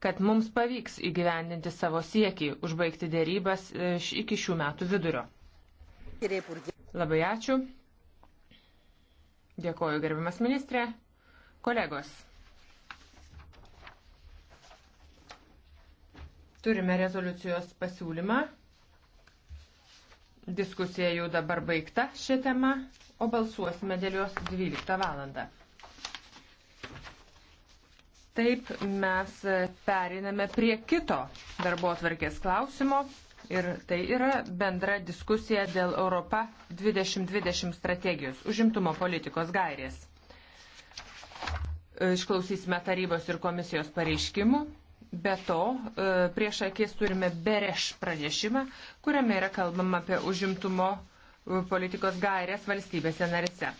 kad mums pavyks įgyvendinti savo siekį užbaigti dėrybas e, iki šių metų vidurio. Labai ačiū. Dėkoju, gerbiamas ministrė. Kolegos. Turime rezoliucijos pasiūlymą. Diskusija jau dabar baigta šią temą, o balsuosime dėl jos 12 valandą. Taip mes periname prie kito darbo atvarkės klausimo ir tai yra bendra diskusija dėl Europa 2020 strategijos užimtumo politikos gairės. Išklausysime tarybos ir komisijos pareiškimų. Be to, e, prieš akis turime bereš pranešimą, kuriame yra kalbama apie užimtumo politikos gairės valstybėse narise.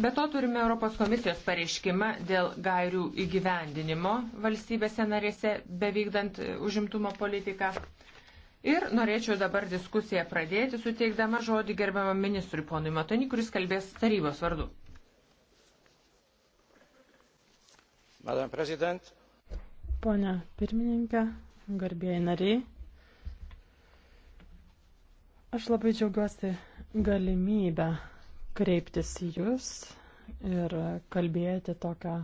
Be to turime Europos komisijos pareiškimą dėl gairių įgyvendinimo valstybėse narėse, bevykdant e, užimtumo politiką. Ir norėčiau dabar diskusiją pradėti, suteikdama žodį gerbiamam ministrui ponui Matoni, kuris kalbės tarybos vardu. Madam President. Pone pirmininkė, garbėjai nariai. Aš labai džiaugiuosi galimybę kreiptis į Jūs ir kalbėti tokią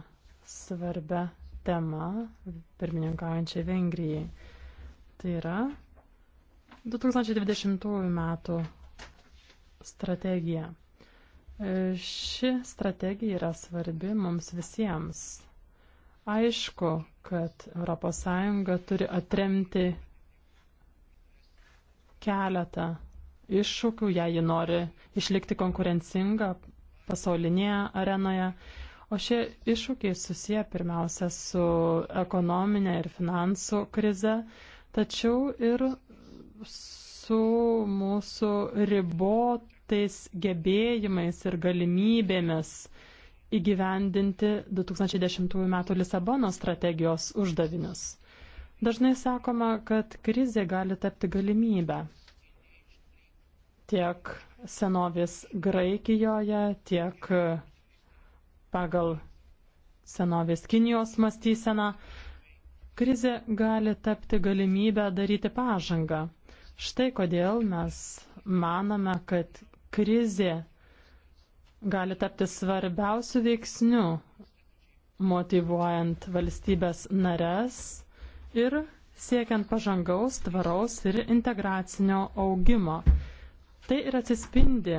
svarbę temą pirmininkaujančiai Vengrijai. Tai yra 2020 metų strategija. Ši strategija yra svarbi mums visiems. Aišku, kad ES turi atremti keletą iššūkių, jei ji nori išlikti konkurencinga pasaulinėje arenoje. O šie iššūkiai susiję pirmiausia su ekonominė ir finansų krize, tačiau ir su mūsų ribotais gebėjimais ir galimybėmis įgyvendinti 2010 m. Lisabono strategijos uždavinius. Dažnai sakoma, kad krizė gali tapti galimybę tiek senovės Graikijoje, tiek pagal senovės Kinijos mąstyseną, krizė gali tapti galimybę daryti pažangą. Štai kodėl mes manome, kad krizė gali tapti svarbiausių veiksnių, motivuojant valstybės nares ir siekiant pažangaus, tvaraus ir integracinio augimo. Tai ir atsispindi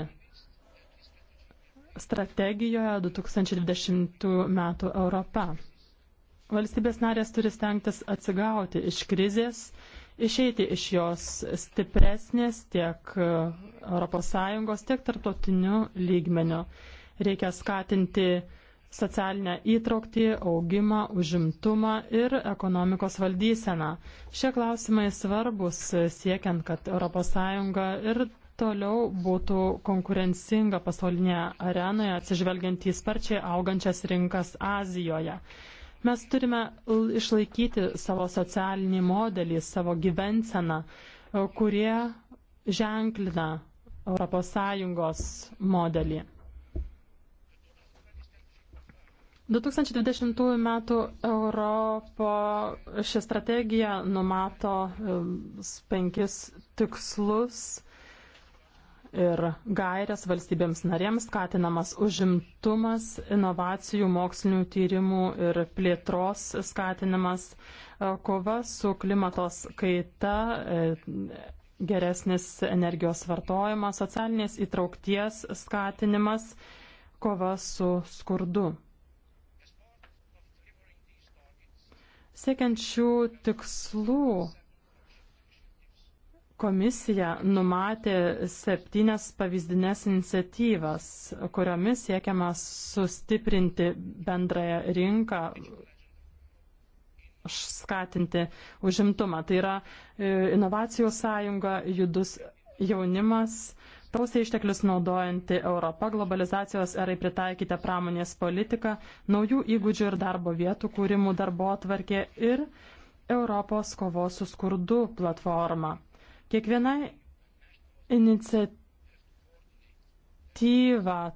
strategijoje 2020 metų Europa. Valstybės narės turi stengtis atsigauti iš krizės, išeiti iš jos stipresnės tiek ES, tiek tarptautiniu lygmeniu. Reikia skatinti socialinę įtraukti, augimą, užimtumą ir ekonomikos valdyseną. Šie klausimai svarbus siekiant, kad ES ir toliau būtų konkurencinga pasaulinėje arenoje atsižvelgiant į sparčiai augančias rinkas Azijoje. Mes turime išlaikyti savo socialinį modelį, savo gyvenseną, e, kurie ženklina ES modelį. 2020 m. Europo ši strategija numato e, penkis tikslus ir gairias valstybėms narėms skatinamas užimtumas, inovacijų, mokslinių tyrimų ir plėtros skatinimas, e, kova su klimatos kaita, e, geresnis energijos vartojimas, socialinės įtraukties skatinimas, kova su skurdu. Siekiant šių tikslų Komisija numatė septynias pavyzdinės iniciatyvas, kuriomis siekiama sustiprinti bendrąją rinką, skatinti užimtumą. Tai yra e, inovacijų sąjunga, judus jaunimas, tausiai išteklius naudojanti Europa, globalizacijos erai pritaikyta pramonės politika, naujų įgūdžių ir darbo vietų kūrimų darbo atvarkė ir Europos kovos su skurdu platforma. Kiekviena iniciatyva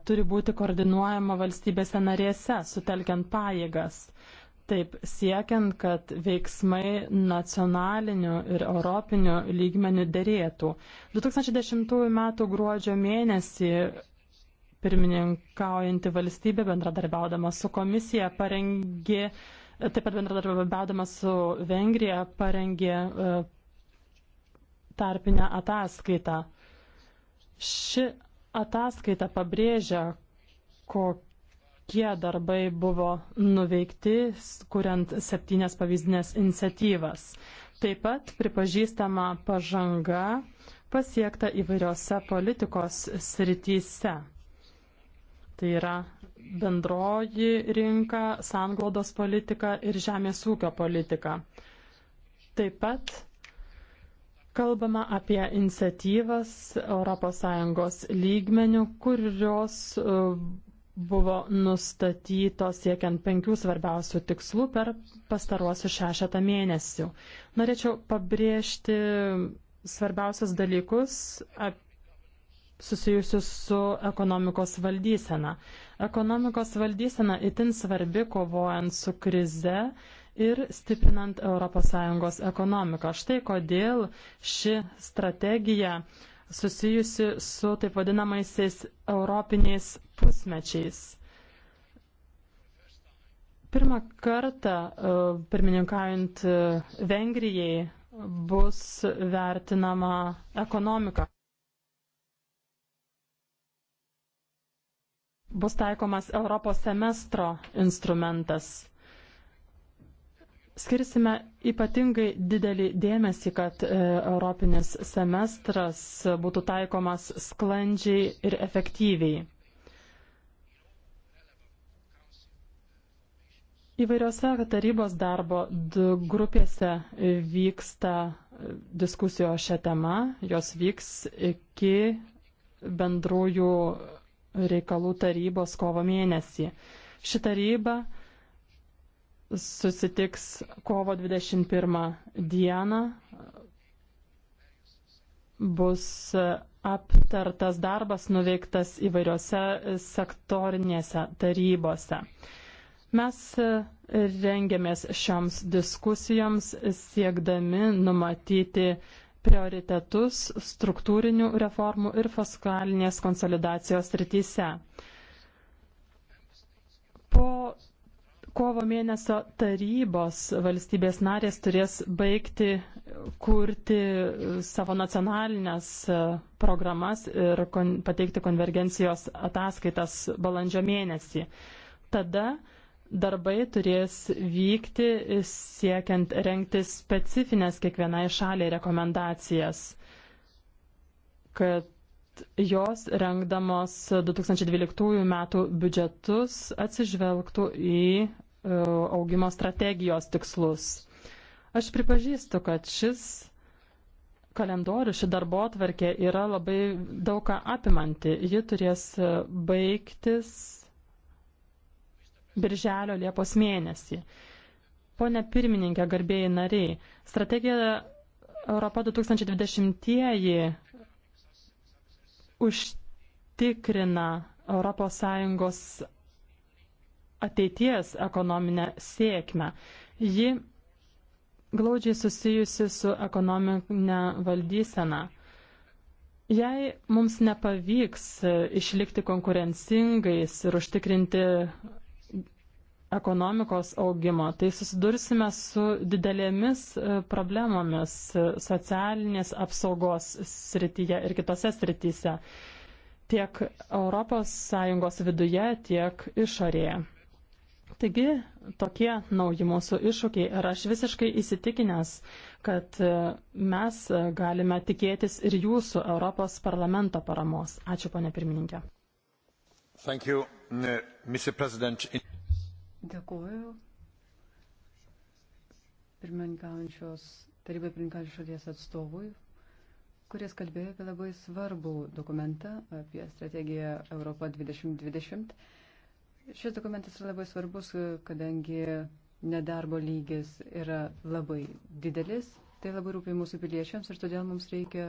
turi būti koordinuojama valstybėse narėse, sutelkiant pajėgas. Taip, siekiant, kad veiksmai nacionaliniu ir europiniu lygmeniu dėrėtų. 2010 m. gruodžio mėnesį pirmininkaujanti valstybė bendradarbiaudama su komisija parengė, taip pat bendradarbiaudama su Vengrija parengė e, tarpinę ataskaitą. Ši ataskaita pabrėžia, kokie darbai buvo nuveikti, kuriant septynias pavyzdinės iniciatyvas. Taip pat pripažįstama pažanga pasiekta įvairiose politikos srityse. Tai yra bendroji rinka, sanglaudos politika ir žemės ūkio politika. Taip pat Kalbama apie iniciatyvas ES lygmenių, kurios e, buvo nustatytos siekiant penkių svarbiausių tikslų per pastaruosius šešetą mėnesių. Norėčiau pabrėžti svarbiausias dalykus susijusius su ekonomikos valdysena. Ekonomikos valdysena itin svarbi kovojant su krize ir stiprinant ES ekonomiką. Štai kodėl ši strategija susijusi su taip vadinamaisiais europiniais pusmečiais. Pirmą kartą e, pirmininkaujant e, Vengrijai bus vertinama ekonomika. bus taikomas Europos semestro instrumentas skirsime ypatingai didelį dėmesį, kad e, Europinis semestras būtų taikomas sklandžiai ir efektyviai. Įvairiose tarybos darbo grupėse vyksta diskusijos šią temą, jos vyks iki bendrųjų reikalų tarybos kovo mėnesį. Ši taryba susitiks kovo 21 dieną. Bus aptartas darbas nuveiktas įvairiose sektorinėse tarybose. Mes rengiamės šioms diskusijoms siekdami numatyti prioritetus struktūrinių reformų ir fiskalinės konsolidacijos rytise. Kovo mėnesio tarybos valstybės narės turės baigti kurti savo nacionalinės e, programas ir kon, pateikti konvergencijos ataskaitas balandžio mėnesį. Tada darbai turės vykti siekiant renkti specifines kiekvienai šaliai rekomendacijas, kad jos rengdamos 2012 metų biudžetus atsižvelgtų į E, augimo strategijos tikslus. Aš pripažįstu, kad šis kalendorius, ši darbo atvarkė yra labai daugą apimanti. Ji turės baigtis Birželio Liepos mėnesį. Pone pirmininkė, garbėjai nariai, strategija Europa 2020 užtikrina ES ateities ekonominę sėkmę. Ji glaudžiai susijusi su ekonominė valdysena. Jei mums nepavyks išlikti konkurencingais ir užtikrinti ekonomikos augimo, tai susidursime su didelėmis e, problemomis e, socialinės apsaugos srityje ir kitose srityse tiek ES viduje, tiek išorėje. Taigi tokie nauji mūsų iššūkiai ir aš visiškai įsitikinęs, kad e, mes galime tikėtis ir jūsų Europos parlamento paramos. Ačiū, ponė pirmininkė. Dėkuoju. Pirmininkaujančios tarybai pirmininkaujančios šalies atstovui, kuris kalbėjo apie labai svarbų dokumentą apie strategiją Europą 2020 Šis dokumentas yra labai svarbus, kadangi nedarbo lygis yra labai didelis, tai labai rūpi mūsų piliečiams ir todėl mums reikia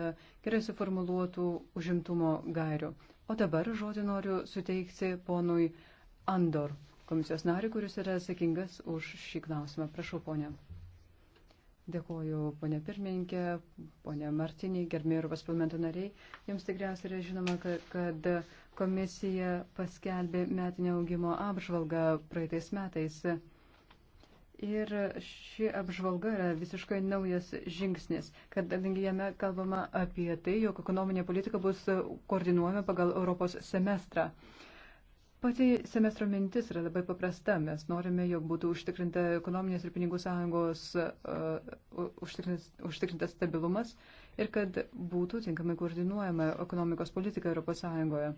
gerai suformuluotų užimtumo gairių. O dabar žodį noriu suteikti ponui Andor, komisijos nariui, kuris yra atsakingas už šį klausimą. Prašau, ponė. Dėkuoju, ponė pirmininkė, ponė Martiniai, gerbėjai Europos parlamento nariai. Jums tikriausiai yra žinoma, kad komisija paskelbė metinę augimo apžvalgą praeitais metais. Ir ši apžvalga yra visiškai naujas žingsnis, kadangi jame kalbama apie tai, jog ekonominė politika bus koordinuojama pagal Europos semestrą. Uh, Pati semestro mintis yra labai paprasta. Mes norime, jog būtų užtikrinta ekonominės ir pinigų sąjungos uh, užtikrintas stabilumas ir kad būtų tinkamai koordinuojama ekonomikos politika Europos Sąjungoje.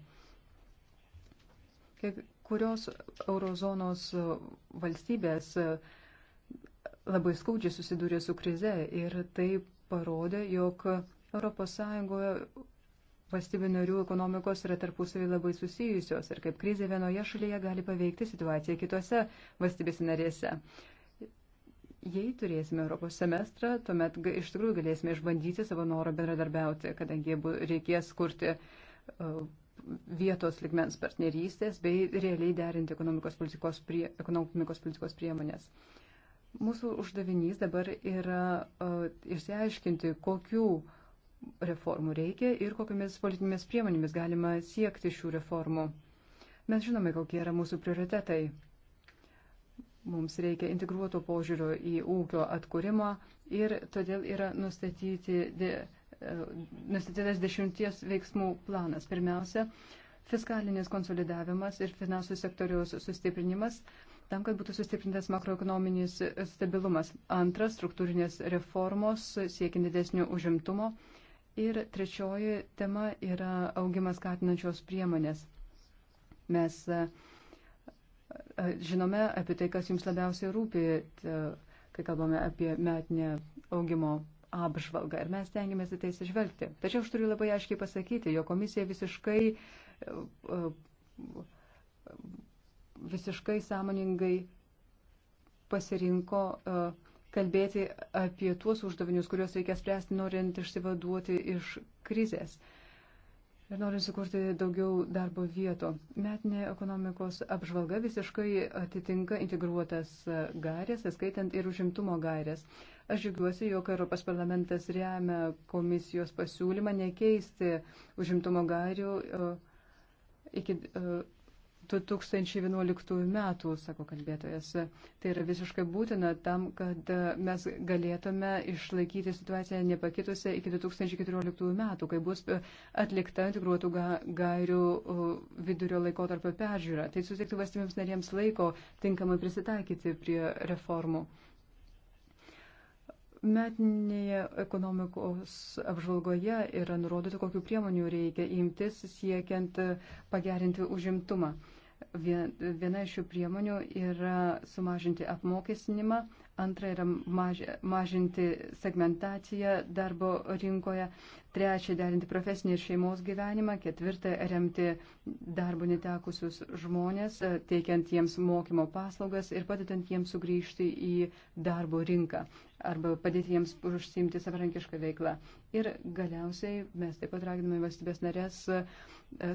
Kai kurios eurozonos valstybės uh, labai skaudžiai susidūrė su krize ir tai parodė, jog Europos Sąjungoje valstybių narių ekonomikos yra tarpusavį labai susijusios ir kaip krizė vienoje šalyje gali paveikti situaciją kitose valstybės narėse. Jei turėsime Europos semestrą, tuomet iš tikrųjų galėsime išbandyti savo norą bendradarbiauti, kadangi reikės kurti e, vietos ligmens partnerystės bei realiai derinti ekonomikos politikos, prie, ekonomikos politikos priemonės. Mūsų uždavinys dabar yra uh, išsiaiškinti, kokių uh, reformų reikia ir kokiamis politinėmis priemonėmis galima siekti šių reformų. Mes žinome, kokie yra mūsų prioritetai. Mums reikia integruoto požiūrio į ūkio atkūrimą ir todėl yra nustatyti, de, e, nustatytas dešimties veiksmų planas. Pirmiausia, fiskalinis konsolidavimas ir finansų sektoriaus sustiprinimas tam, kad būtų sustiprintas makroekonominis stabilumas. Antras, struktūrinės reformos siekiant didesnio užimtumo. Ir trečioji tema yra augimas skatinančios priemonės. Mes e, e, žinome apie tai, kas jums labiausiai rūpi, kai kalbame apie metinę augimo apžvalgą ir mes tengiamės į tai sižvelgti. Tačiau aš turiu labai aiškiai pasakyti, jo komisija visiškai, e, visiškai sąmoningai pasirinko uh, kalbėti apie tuos uždavinius, kuriuos reikia spręsti, norint išsivaduoti iš krizės. Ir norint sukurti daugiau darbo vietų. Metinė ekonomikos apžvalga visiškai atitinka integruotas gairės, skaitant ir užimtumo gairės. Aš žiūriuosi, jog Europos parlamentas remia komisijos pasiūlymą nekeisti užimtumo gairių e, iki e, 2011 metų, sako kalbėtojas. Tai yra visiškai būtina tam, kad mes galėtume išlaikyti situaciją nepakitusią iki 2014 metų, kai bus atlikta integruotų gairių vidurio laiko tarp peržiūra. Tai suteiktų valstybėms narėms laiko tinkamai prisitaikyti prie reformų. Metinėje ekonomikos apžvalgoje yra nurodyta, kokiu priemonių reikia imtis siekiant pagerinti užimtumą. Viena iš šių priemonių yra sumažinti apmokestinimą Antra yra maž, mažinti segmentaciją darbo rinkoje. Trečia, derinti profesinį ir šeimos gyvenimą. Ketvirta, remti darbo netekusius žmonės, teikiant jiems mokymo paslaugas ir padedant jiems sugrįžti į darbo rinką arba padėti jiems užsiimti savarankišką veiklą. Ir galiausiai mes taip pat raginame valstybės narės e,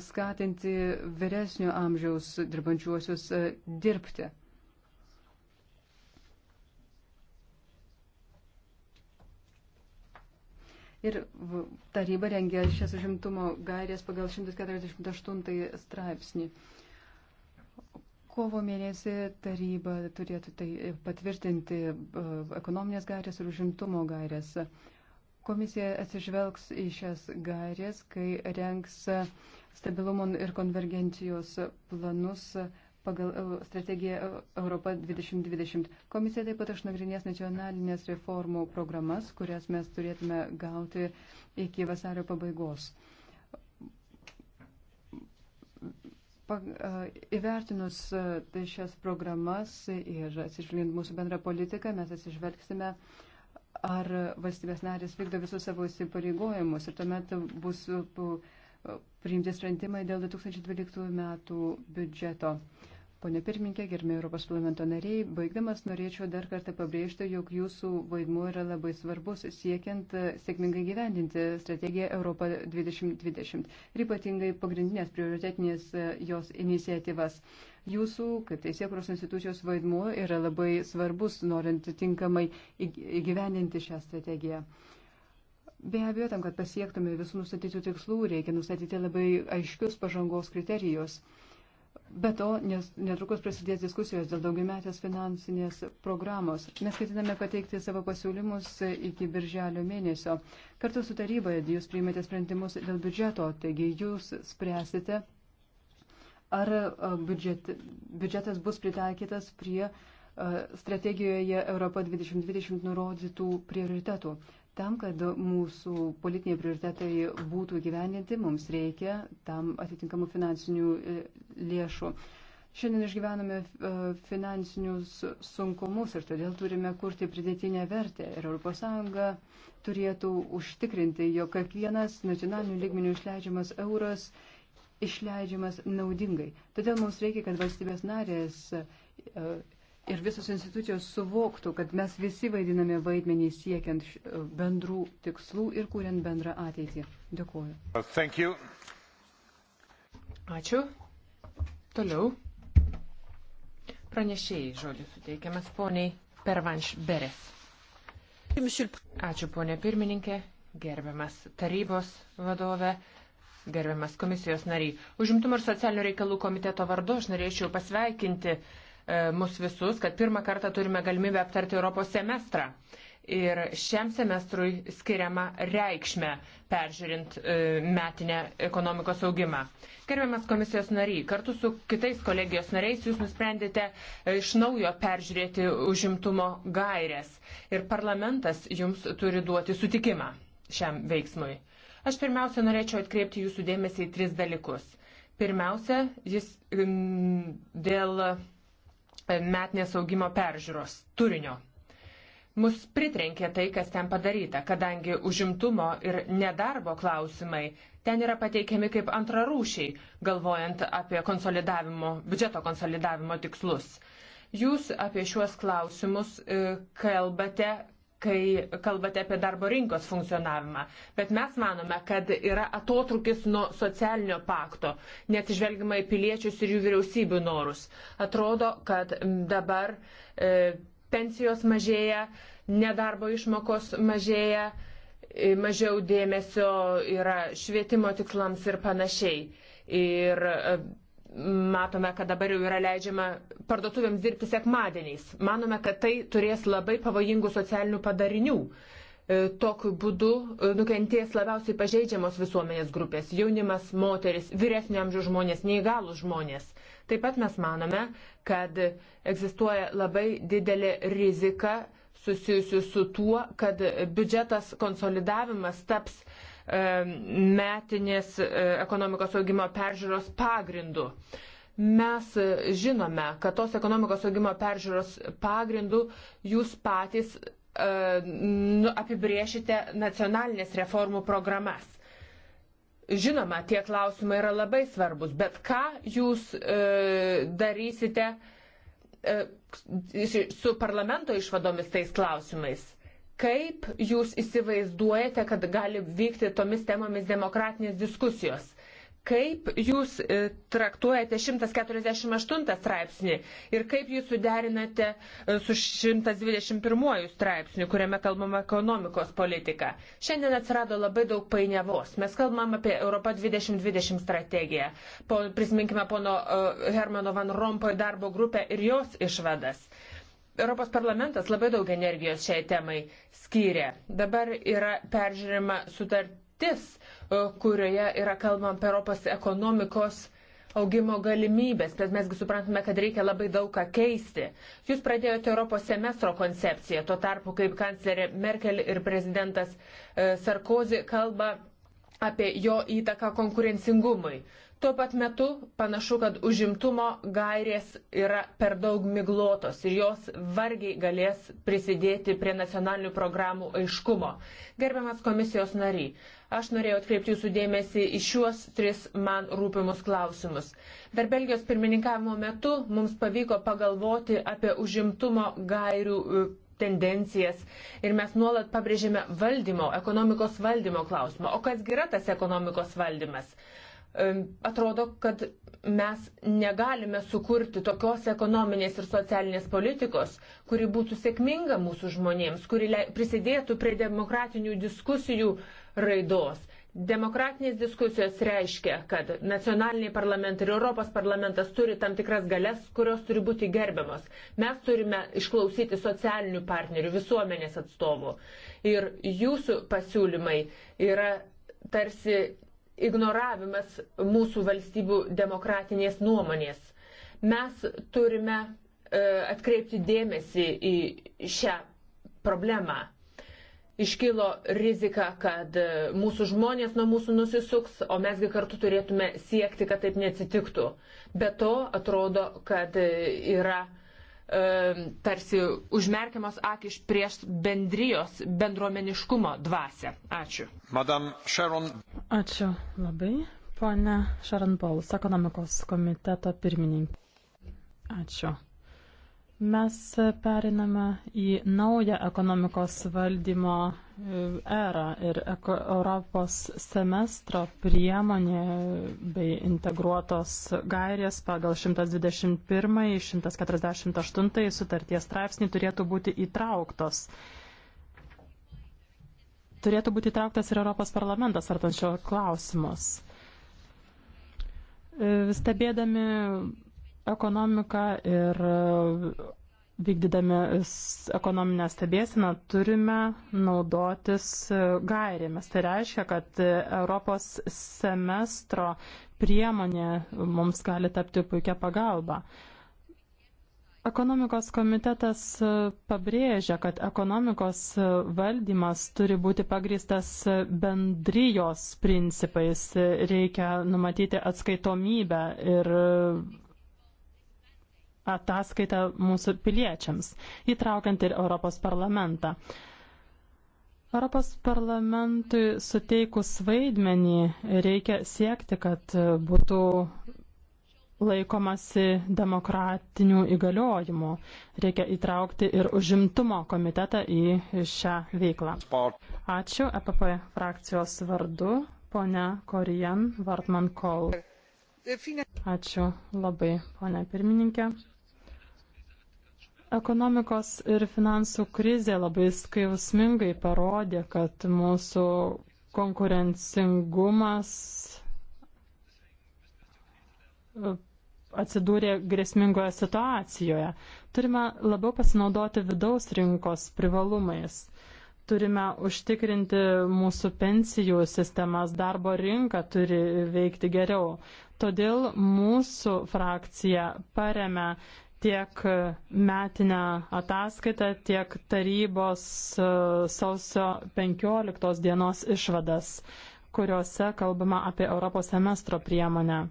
skatinti vyresnio amžiaus dirbančiuosius e, dirbti. Ir taryba rengia šias užimtumo gairės pagal 148 straipsnį. Kovo mėnesį taryba turėtų tai patvirtinti e, ekonominės gairės ir užimtumo gairės. Komisija atsižvelgs į šias gairės, kai rengs stabilumo ir konvergencijos planus pagal e, strategiją e, Europa 2020. Komisija taip pat išnagrinės nacionalinės reformų programas, kurias mes turėtume gauti iki vasario pabaigos. E, įvertinus šias programas ir atsižvelgiant mūsų bendrą politiką, mes atsižvelgsime, ar valstybės narės vykdo visus savo įsipareigojimus ir tuomet bus priimti sprendimai dėl 2012 metų biudžeto. Pone pirmininkė, gerbėjai Europos parlamento nariai, baigdamas norėčiau dar kartą pabrėžti, jog jūsų vaidmuo yra labai svarbus siekiant e, sėkmingai gyvendinti strategiją Europą 2020 ir ypatingai pagrindinės prioritetinės e, jos iniciatyvas. Jūsų, kaip teisėkuros institucijos vaidmuo, yra labai svarbus, norint tinkamai įgyvendinti šią strategiją. Be abejo, tam, kad pasiektume visų nustatytų tikslų, reikia nustatyti labai aiškius pažangos kriterijus. Be to, nes netrukus prasidės diskusijos dėl daugiametės finansinės programos. Mes ketiname pateikti savo pasiūlymus iki birželio mėnesio. Kartu su taryboje jūs priimėte sprendimus dėl biudžeto, taigi jūs spręsite, ar biudžet, biudžetas bus pritaikytas prie strategijoje Europa 2020 nurodytų prioritetų. Tam, kad mūsų politiniai prioritetai būtų gyveninti, mums reikia tam atitinkamų finansinių e, lėšų. Šiandien išgyvename e, finansinius sunkumus ir todėl turime kurti pridėtinę vertę. Ir ES turėtų užtikrinti, jog kiekvienas nacionalinių lygmenių išleidžiamas euras išleidžiamas naudingai. Todėl mums reikia, kad valstybės narės e, ir visos institucijos suvoktų, kad mes visi vaidiname vaidmenį siekiant bendrų tikslų ir kuriant bendrą ateitį. Dėkuoju. Ačiū. Toliau. Pranešėjai žodis suteikiamas poniai Pervanš Beres. Ačiū ponė pirmininkė, gerbiamas tarybos vadovė. Gerbiamas komisijos nariai, užimtumo ir socialinių reikalų komiteto vardu aš norėčiau pasveikinti uh, E, mus visus, kad pirmą kartą turime galimybę aptarti Europos semestrą. Ir šiam semestrui skiriama reikšmė peržiūrint e, metinę ekonomikos augimą. Gerbiamas komisijos nariai, kartu su kitais kolegijos nariais jūs nusprendėte e, iš naujo peržiūrėti užimtumo gairias. Ir parlamentas jums turi duoti sutikimą šiam veiksmui. Aš pirmiausia norėčiau atkreipti jūsų dėmesį į tris dalykus. Pirmiausia, jis dėl metinės augimo peržiūros turinio. Mus pritrenkė tai, kas ten padaryta, kadangi užimtumo ir nedarbo klausimai ten yra pateikiami kaip antrarūšiai, galvojant apie konsolidavimo, biudžeto konsolidavimo tikslus. Jūs apie šiuos klausimus e, kalbate kai kalbate apie darbo rinkos funkcionavimą. Bet mes manome, kad yra atotrukis nuo socialinio pakto, neatsižvelgiama į piliečius ir jų vyriausybių norus. Atrodo, kad dabar e, pensijos mažėja, nedarbo išmokos mažėja, e, mažiau dėmesio yra švietimo tikslams ir panašiai. Ir e, matome, kad dabar jau yra leidžiama parduotuvėms dirbti sekmadieniais. Manome, kad tai turės labai pavojingų socialinių padarinių. E, tokiu būdu e, nukentės labiausiai pažeidžiamos visuomenės grupės - jaunimas, moteris, vyresnio amžiaus žmonės, neįgalus žmonės. Taip pat mes manome, kad egzistuoja labai didelė rizika susijusi su tuo, kad biudžetas konsolidavimas taps metinės e, ekonomikos augimo peržiūros pagrindu. Mes e, žinome, kad tos ekonomikos augimo peržiūros pagrindu jūs patys e, nu, apibriešite nacionalinės reformų programas. Žinoma, tie klausimai yra labai svarbus, bet ką jūs e, darysite e, su parlamento išvadomis tais klausimais? Kaip jūs įsivaizduojate, kad gali vykti tomis temomis demokratinės diskusijos? Kaip jūs e, traktuojate 148 straipsnį ir kaip jūs suderinate e, su 121 straipsniu, kuriame kalbama ekonomikos politika? Šiandien atsirado labai daug painiavos. Mes kalbam apie Europą 2020 strategiją. Po, prisiminkime pono e, Hermano Van Rompoje darbo grupę ir jos išvadas. Europos parlamentas labai daug energijos šiai temai skyrė. Dabar yra peržiūrima sutartis, e, kurioje yra kalbama apie Europos ekonomikos augimo galimybės, bet mesgi suprantame, kad reikia labai daug ką keisti. Jūs pradėjote Europos semestro koncepciją, tuo tarpu kaip kanclerė Merkel ir prezidentas e, Sarkozy kalba apie jo įtaką konkurencingumui. Tuo pat metu panašu, kad užimtumo gairės yra per daug miglotos ir jos vargiai galės prisidėti prie nacionalinių programų aiškumo. Gerbiamas komisijos nariai, aš norėjau atkreipti jūsų dėmesį į šiuos tris man rūpimus klausimus. Dar Belgijos pirmininkavimo metu mums pavyko pagalvoti apie užimtumo gairių e, tendencijas ir mes nuolat pabrėžėme valdymo, ekonomikos valdymo klausimą. O kas yra tas ekonomikos valdymas? atrodo, kad mes negalime sukurti tokios ekonominės ir socialinės politikos, kuri būtų sėkminga mūsų žmonėms, kuri prisidėtų prie demokratinių diskusijų raidos. Demokratinės diskusijos reiškia, kad nacionaliniai parlamentai ir Europos parlamentas turi tam tikras galės, kurios turi būti gerbiamas. Mes turime išklausyti socialinių partnerių, visuomenės atstovų. Ir jūsų pasiūlymai yra tarsi ignoravimas mūsų valstybių demokratinės nuomonės. Mes turime e, atkreipti dėmesį į šią problemą. Iškilo rizika, kad e, mūsų žmonės nuo mūsų nusisuks, o mesgi kartu turėtume siekti, kad taip neatsitiktų. Be to atrodo, kad e, yra tarsi užmerkiamos akis prieš bendrijos bendruomeniškumo dvasę. Ačiū. Madam Sharon. Ačiū labai. Pone Sharon Pauls, ekonomikos komiteto pirmininkė. Ačiū. Mes periname į naują ekonomikos valdymo e, erą ir Europos semestro priemonė bei integruotos gairės pagal 121-148 sutarties straipsnį turėtų būti įtrauktos. Turėtų būti įtrauktas ir Europos parlamentas artančio klausimus. E, stebėdami ekonomiką ir e, vykdydami ekonominę stebėsiną turime naudotis e, gairėmis. Tai reiškia, kad e, Europos semestro priemonė mums gali tapti puikia pagalba. Ekonomikos komitetas pabrėžia, kad ekonomikos valdymas turi būti pagristas bendrijos principais. Reikia numatyti atskaitomybę ir ataskaitą mūsų piliečiams, įtraukiant ir Europos parlamentą. Europos parlamentui suteikus vaidmenį reikia siekti, kad būtų laikomasi demokratinių įgaliojimų. Reikia įtraukti ir užimtumo komitetą į šią veiklą. Ačiū EPP frakcijos vardu, ponia Korijan Vartman Kol. Ačiū labai, ponia pirmininkė. Ekonomikos ir finansų krizė labai skausmingai parodė, kad mūsų konkurencingumas e, atsidūrė grėsmingoje situacijoje. Turime labiau pasinaudoti vidaus rinkos privalumais. Turime užtikrinti mūsų pensijų sistemas, darbo rinka turi veikti geriau. Todėl mūsų frakcija paremia tiek metinę ataskaitą, tiek tarybos e, sausio 15 dienos išvadas, kuriuose kalbama apie Europos semestro priemonę.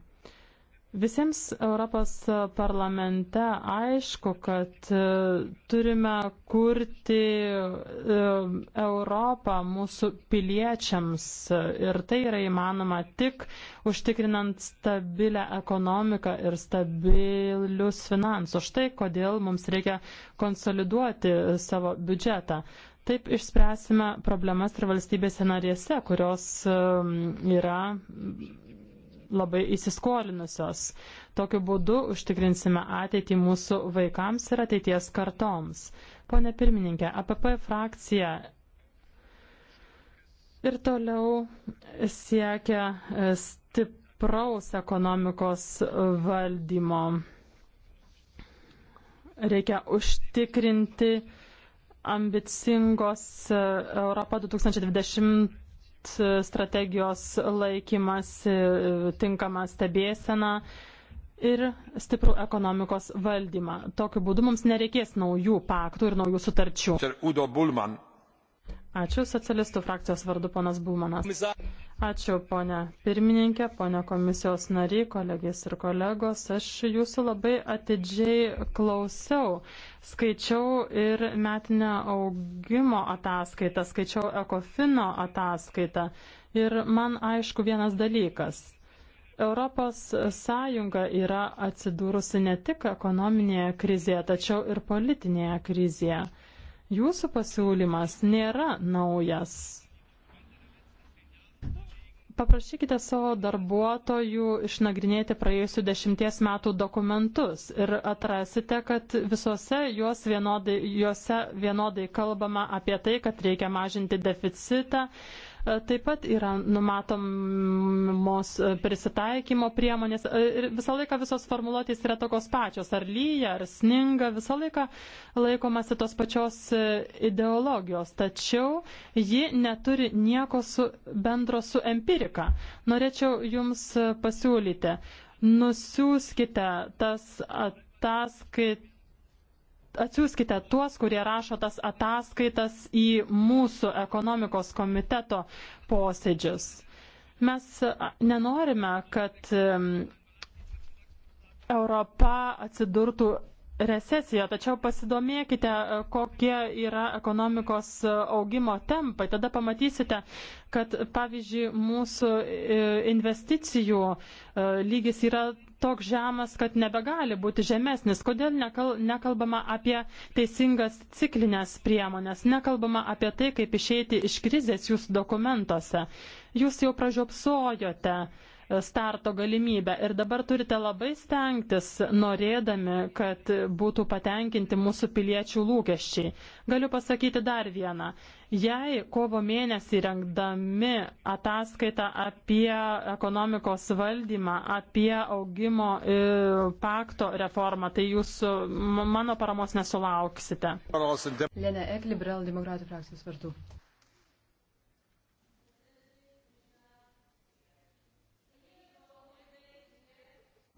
Visiems Europos parlamente aišku, kad e, turime kurti e, Europą mūsų piliečiams ir tai yra įmanoma tik užtikrinant stabilę ekonomiką ir stabilius finansus. Štai kodėl mums reikia konsoliduoti savo biudžetą. Taip išspręsime problemas ir valstybėse narėse, kurios e, yra labai įsiskolinusios. Tokiu būdu užtikrinsime ateitį mūsų vaikams ir ateities kartoms. Pone pirmininkė, APP frakcija ir toliau siekia e, stipraus ekonomikos valdymo. Reikia užtikrinti ambicingos e, Europa 2020 pat strategijos laikymas, e, tinkamą stebėseną ir stiprų ekonomikos valdymą. Tokiu būdu mums nereikės naujų paktų ir naujų sutarčių. Sir Udo Bullman Ačiū socialistų frakcijos vardu ponas Bulmanas. Ačiū ponia pirmininkė, ponia komisijos nariai, kolegės ir kolegos. Aš jūsų labai atidžiai klausiau. Skaičiau ir metinę augimo ataskaitą, skaičiau ekofino ataskaitą. Ir man aišku vienas dalykas. Europos Sąjunga yra atsidūrusi ne tik ekonominėje krizėje, tačiau ir politinėje krizėje. Jūsų pasiūlymas nėra naujas. Paprašykite savo darbuotojų išnagrinėti praėjusių dešimties metų dokumentus ir atrasite, kad visose juos vienodai, juose vienodai kalbama apie tai, kad reikia mažinti deficitą, E, taip pat yra numatomos e, prisitaikymo priemonės. E, ir visą laiką visos formuluotės yra tokios pačios. Ar lyja, ar sninga, visą laiką laikomasi tos pačios ideologijos. Tačiau ji neturi nieko su, bendro su empirika. Norėčiau Jums pasiūlyti. Nusiųskite tas ataskaitas atsiųskite tuos, kurie rašo tas ataskaitas į mūsų ekonomikos komiteto posėdžius. Mes nenorime, kad Europa atsidurtų recesija, tačiau pasidomėkite, kokie yra ekonomikos augimo tempai. Tada pamatysite, kad pavyzdžiui, mūsų e, investicijų e, lygis yra toks žemas, kad nebegali būti žemesnis. Kodėl nekal, nekalbama apie teisingas ciklinės priemonės, nekalbama apie tai, kaip išeiti iš krizės jūsų dokumentuose. Jūs jau pražiopsojote e, starto galimybę ir dabar turite labai stengtis, norėdami, kad būtų patenkinti mūsų piliečių lūkesčiai. Galiu pasakyti dar vieną. Jei kovo mėnesį rengdami ataskaitą apie ekonomikos valdymą, apie augimo e, pakto reformą, tai jūs mano paramos nesulauksite. Lene Ek, liberal demokratų frakcijos vardu.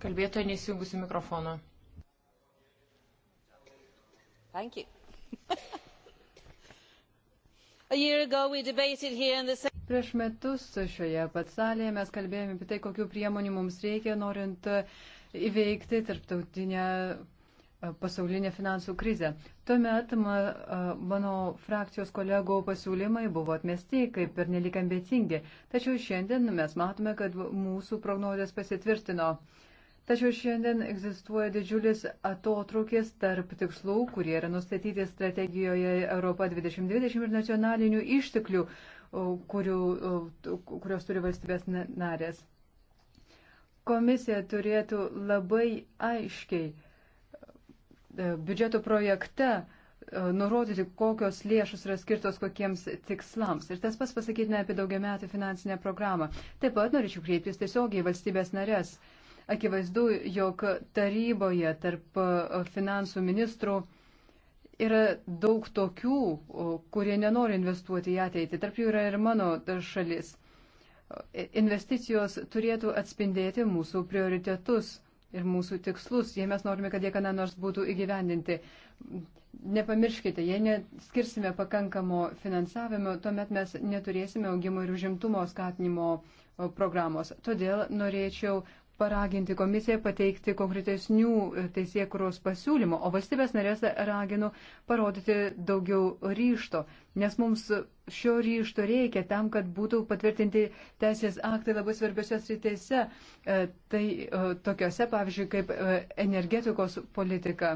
Kalbėtoja neįsijungusi mikrofono. Thank you. Prieš metus šioje pat salėje mes kalbėjome apie tai, kokiu priemonių mums reikia, norint e, įveikti tarptautinę e, pasaulinę finansų krizę. Tuomet ma, e, mano frakcijos kolegų pasiūlymai buvo atmesti kaip ir nelik ambicingi. Tačiau šiandien mes matome, kad mūsų prognozijas pasitvirtino. Tačiau šiandien egzistuoja didžiulis atotrukis tarp tikslų, kurie yra nustatyti strategijoje Europa 2020 ir nacionalinių išteklių, kurių, kurios turi valstybės narės. Komisija turėtų labai aiškiai e, biudžeto projekte e, nurodyti, kokios lėšos yra skirtos kokiems tikslams. Ir tas pats pasakytina apie daugiametį finansinę programą. Taip pat norėčiau kreiptis tiesiogiai valstybės narės Akivaizdu, jog taryboje tarp e, finansų ministrų yra daug tokių, kurie nenori investuoti į ateitį. Tarp jų yra ir mano šalis. E, investicijos turėtų atspindėti mūsų prioritetus ir mūsų tikslus, jei mes norime, kad jie kada nors būtų įgyvendinti. Nepamirškite, jei neskirsime pakankamo finansavimo, tuomet mes neturėsime augimo ir užimtumo skatinimo programos. Todėl norėčiau paraginti komisiją pateikti konkretesnių teisėkuros pasiūlymų, o valstybės narės raginu parodyti daugiau ryšto, nes mums šio ryšto reikia tam, kad būtų patvirtinti teisės aktai labai svarbiose sritėse, e, tai e, tokiuose, pavyzdžiui, kaip e, energetikos politika.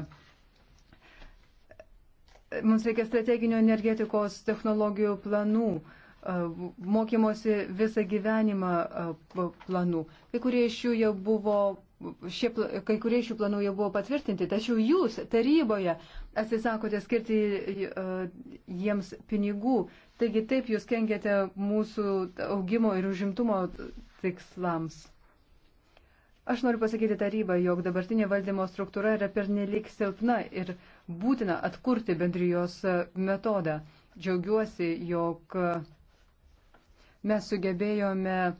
Mums reikia strateginio energetikos technologijų planų mokymosi visą gyvenimą planų. Kai kurie iš jų jau buvo, šie, kai kurie iš šių planų jau buvo patvirtinti, tačiau jūs taryboje atsisakote skirti jiems pinigų. Taigi taip jūs kengiate mūsų augimo ir užimtumo tikslams. Aš noriu pasakyti tarybą, jog dabartinė valdymo struktūra yra pernelik silpna ir būtina atkurti bendrijos metodą. Džiaugiuosi, jog mes sugebėjome e,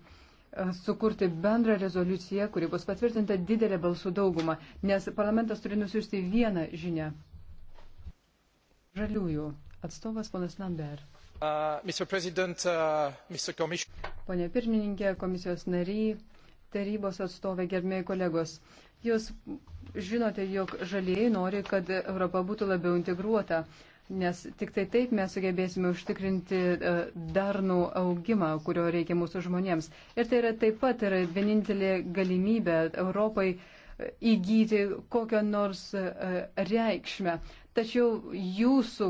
sukurti bendrą rezoliuciją, kuri bus patvirtinta didelė balsų dauguma, nes parlamentas turi nusiųsti vieną žinią. Žaliųjų atstovas ponas Lambert. Uh, uh, Pone pirmininkė, komisijos nariai, tarybos atstovė, gerbėjai kolegos. Jūs žinote, jog žalieji nori, kad Europa būtų labiau integruota. Uh, nes tik tai taip mes sugebėsime užtikrinti e, darnų augimą, kurio reikia mūsų žmonėms. Ir tai yra taip pat yra vienintelė galimybė Europai e, įgyti kokią nors e, reikšmę. Tačiau jūsų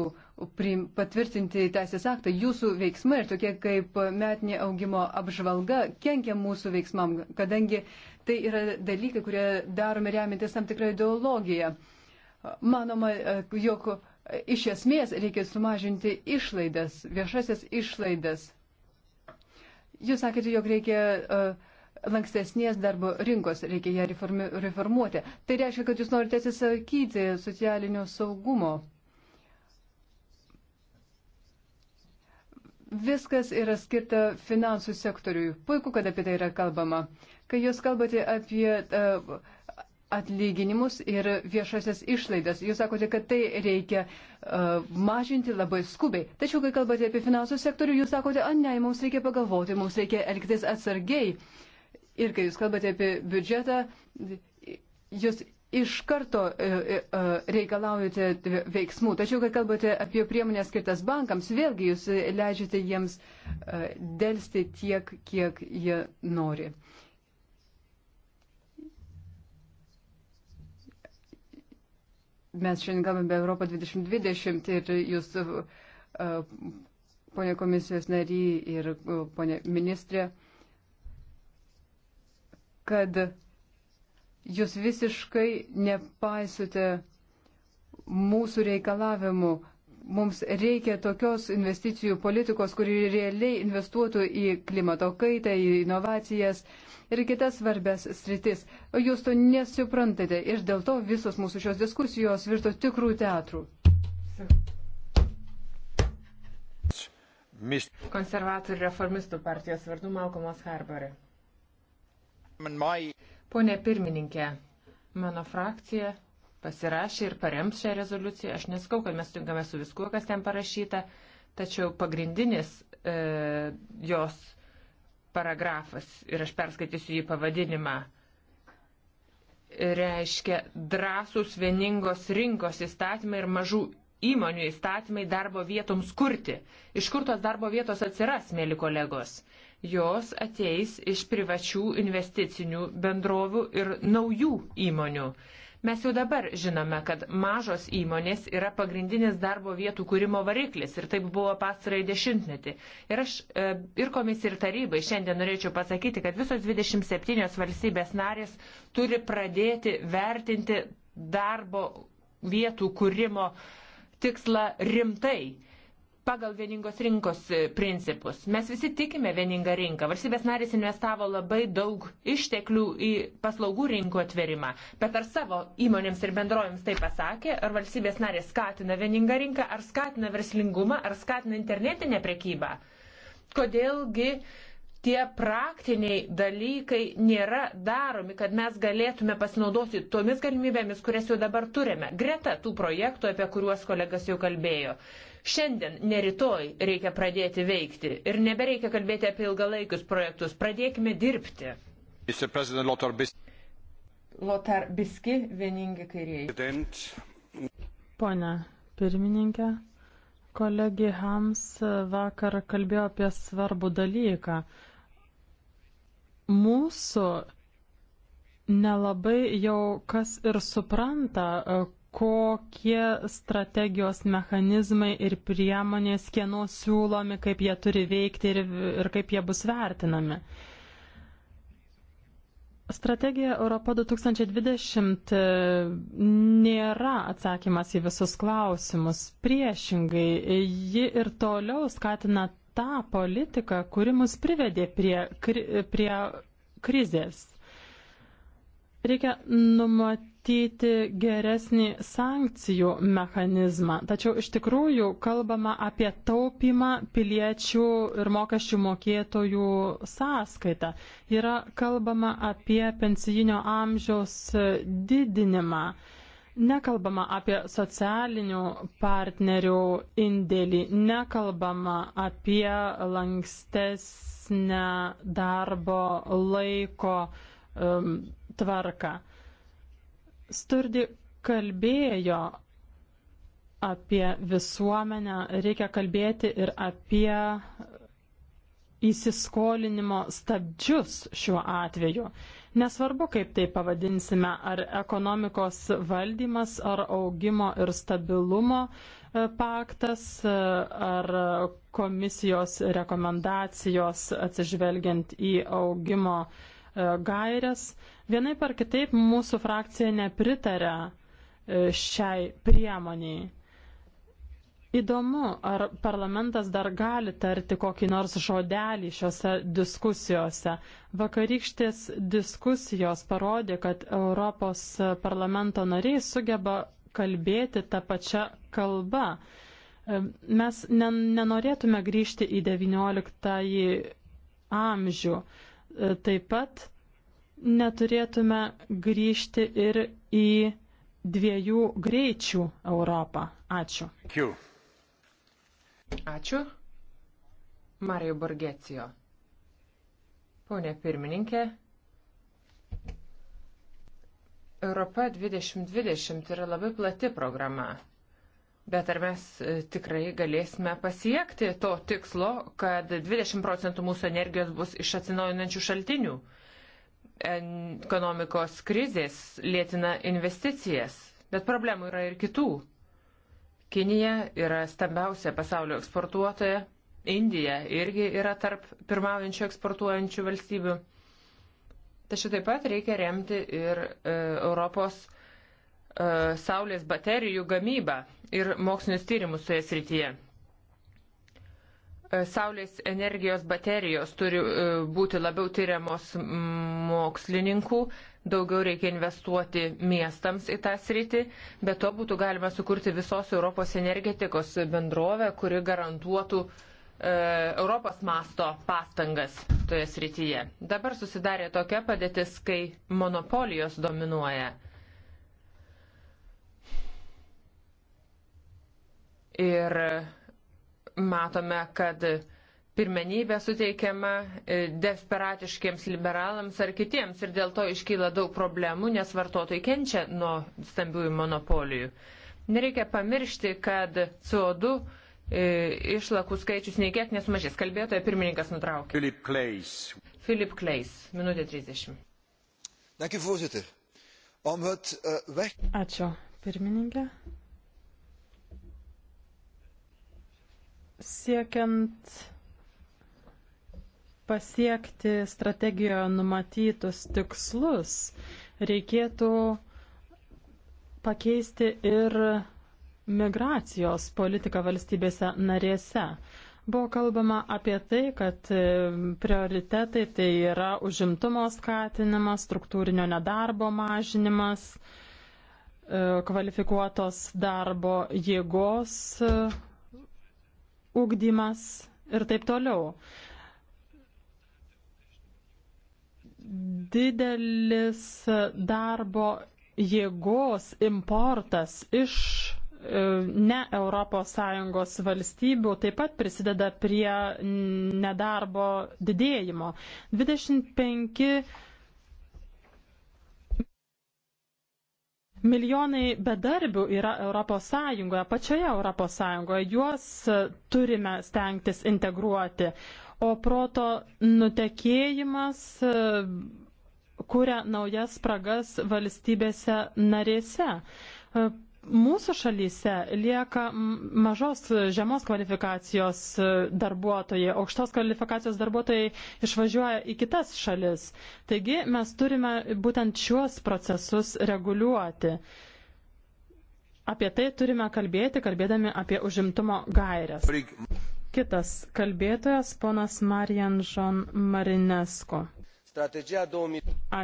patvirtinti teisės aktą, jūsų veiksmai ir tokie kaip metinė augimo apžvalga kenkia mūsų veiksmam, kadangi tai yra dalykai, kurie daromi remintis tam tikrą ideologiją. Manoma, jog iš esmės reikia sumažinti išlaidas, viešasias išlaidas. Jūs sakėte, jog reikia uh, lankstesnės darbo rinkos, reikia ją reformi, reformuoti. Tai reiškia, kad jūs norite atsisakyti socialinio saugumo. Viskas yra skirta finansų sektoriui. Puiku, kad apie tai yra kalbama. Kai jūs kalbate apie uh, atlyginimus ir viešasias išlaidas. Jūs sakote, kad tai reikia uh, mažinti labai skubiai. Tačiau, kai kalbate apie finansų sektorių, jūs sakote, o ne, mums reikia pagalvoti, mums reikia elgtis atsargiai. Ir kai jūs kalbate apie biudžetą, jūs iš karto uh, uh, uh, reikalaujate veiksmų. Tačiau, kai kalbate apie priemonės skirtas bankams, vėlgi jūs leidžiate jiems dėlsti tiek, kiek jie nori. mes šiandien kalbame apie Europą 2020 ir jūs, e, ponė komisijos nary ir e, ponė ministrė, kad jūs visiškai nepaisote mūsų reikalavimų mums reikia tokios investicijų politikos, kuri realiai investuotų į klimato kaitą, į inovacijas ir kitas svarbės sritis. O jūs to nesuprantate ir dėl to visos mūsų šios diskusijos virto tikrų teatrų. Konservatorių reformistų partijos vardu Malkomas Harberė. Pone pirmininkė, mano frakcija pasirašė ir parems šią rezoliuciją. Aš neskau, kad mes sutinkame su viskuo, kas ten parašyta, tačiau pagrindinis e, jos paragrafas, ir aš perskaitysiu jį pavadinimą, reiškia drąsus vieningos rinkos įstatymai ir mažų įmonių įstatymai darbo vietoms kurti. Iš kur tos darbo vietos atsiras, mėly kolegos? Jos ateis iš privačių investicinių bendrovių ir naujų įmonių. Mes jau dabar žinome, kad mažos įmonės yra pagrindinis darbo vietų kūrimo variklis ir taip buvo pastarai dešimtmetį. Ir aš e, ir komisijai, ir tarybai šiandien norėčiau pasakyti, kad visos 27 valstybės narės turi pradėti vertinti darbo vietų kūrimo tikslą rimtai pagal vieningos rinkos e, principus. Mes visi tikime vieningą rinką. Varsybės narės investavo labai daug išteklių į paslaugų rinkų atverimą. Bet ar savo įmonėms ir bendrovėms tai pasakė, ar valstybės narės skatina vieningą rinką, ar skatina verslingumą, ar skatina internetinę prekybą? Kodėlgi tie praktiniai dalykai nėra daromi, kad mes galėtume pasinaudoti tomis galimybėmis, kurias jau dabar turime, greta tų projektų, apie kuriuos kolegas jau kalbėjo. Šiandien, ne rytoj, reikia pradėti veikti ir nebereikia kalbėti apie ilgalaikius projektus. Pradėkime dirbti. Lothar Biski, Lothar Biski vieningi kairiai. Pone pirmininkė, kolegė Hams vakar kalbėjo apie svarbų dalyką. Mūsų nelabai jau kas ir supranta, kokie strategijos mechanizmai ir priemonės, kieno siūlomi, kaip jie turi veikti ir, ir kaip jie bus vertinami. Strategija Europa 2020 e, nėra atsakymas į visus klausimus. Priešingai, ji ir toliau skatina tą politiką, kuri mus privedė prie, kri, prie krizės. Reikia numatyti numatyti geresnį sankcijų mechanizmą. Tačiau iš tikrųjų kalbama apie taupimą piliečių ir mokesčių mokėtojų sąskaitą. Yra kalbama apie pensijinio amžiaus didinimą. Nekalbama apie socialinių partnerių indėlį, nekalbama apie lankstesnę darbo laiko um, tvarką. Sturdi kalbėjo apie visuomenę, reikia kalbėti ir apie įsiskolinimo stabdžius šiuo atveju. Nesvarbu, kaip tai pavadinsime, ar ekonomikos valdymas, ar augimo ir stabilumo e, paktas, e, ar komisijos rekomendacijos atsižvelgiant į augimo e, gairias. Vienai par kitaip mūsų frakcija nepritarė e, šiai priemoniai. Įdomu, ar parlamentas dar gali tarti kokį nors žodelį šiuose diskusijose. Vakarykštės diskusijos parodė, kad Europos parlamento nariai sugeba kalbėti tą pačią kalbą. E, mes nenorėtume grįžti į XIX amžių. E, taip pat neturėtume grįžti ir į dviejų greičių Europą. Ačiū. Q. Ačiū. Mario Borgecijo. Pone pirmininkė, Europa 2020 yra labai plati programa. Bet ar mes e, tikrai galėsime pasiekti to tikslo, kad 20 procentų mūsų energijos bus iš atsinaujinančių šaltinių? ekonomikos krizės lėtina investicijas, bet problemų yra ir kitų. Kinija yra stambiausia pasaulio eksportuotoja, Indija irgi yra tarp pirmaujančių eksportuojančių valstybių. Tačiau taip pat reikia remti ir e, Europos e, saulės baterijų gamybą ir mokslinius tyrimus su jas rytyje. E, saulės energijos baterijos turi e, būti labiau tyriamos mokslininkų, daugiau reikia investuoti miestams į tą sritį, bet to būtų galima sukurti visos Europos energetikos bendrovę, kuri garantuotų e, Europos masto pastangas toje srityje. Dabar susidarė tokia padėtis, kai monopolijos dominuoja. Ir matome, kad pirmenybė suteikiama e, desperatiškiams liberalams ar kitiems ir dėl to iškyla daug problemų, nes vartotojai kenčia nuo stambiųjų monopolijų. Nereikia pamiršti, kad CO2 e, išlakų skaičius nei kiek nesumažės. Kalbėtoja pirmininkas nutraukė. Filip Kleis. Filip Kleis, minutė 30. Äh, Ačiū, pirmininkė. siekiant pasiekti strategijoje numatytus tikslus, reikėtų pakeisti ir migracijos politiką valstybėse narėse. Buvo kalbama apie tai, kad prioritetai tai yra užimtumo skatinimas, struktūrinio nedarbo mažinimas, kvalifikuotos darbo jėgos ugdymas ir taip toliau. Didelis darbo jėgos importas iš e, ne ES valstybių taip pat prisideda prie nedarbo didėjimo. 25 Milijonai bedarbių yra Europos Sąjungoje, pačioje Europos Sąjungoje, juos e, turime stengtis integruoti, o proto nutekėjimas e, kuria naujas spragas valstybėse narėse. E, Mūsų šalyse lieka mažos žemos kvalifikacijos e, darbuotojai, aukštos kvalifikacijos darbuotojai išvažiuoja į kitas šalis. Taigi mes turime būtent šiuos procesus reguliuoti. Apie tai turime kalbėti, kalbėdami apie užimtumo gairias. Kitas kalbėtojas, ponas Marijan Žon Marinesko.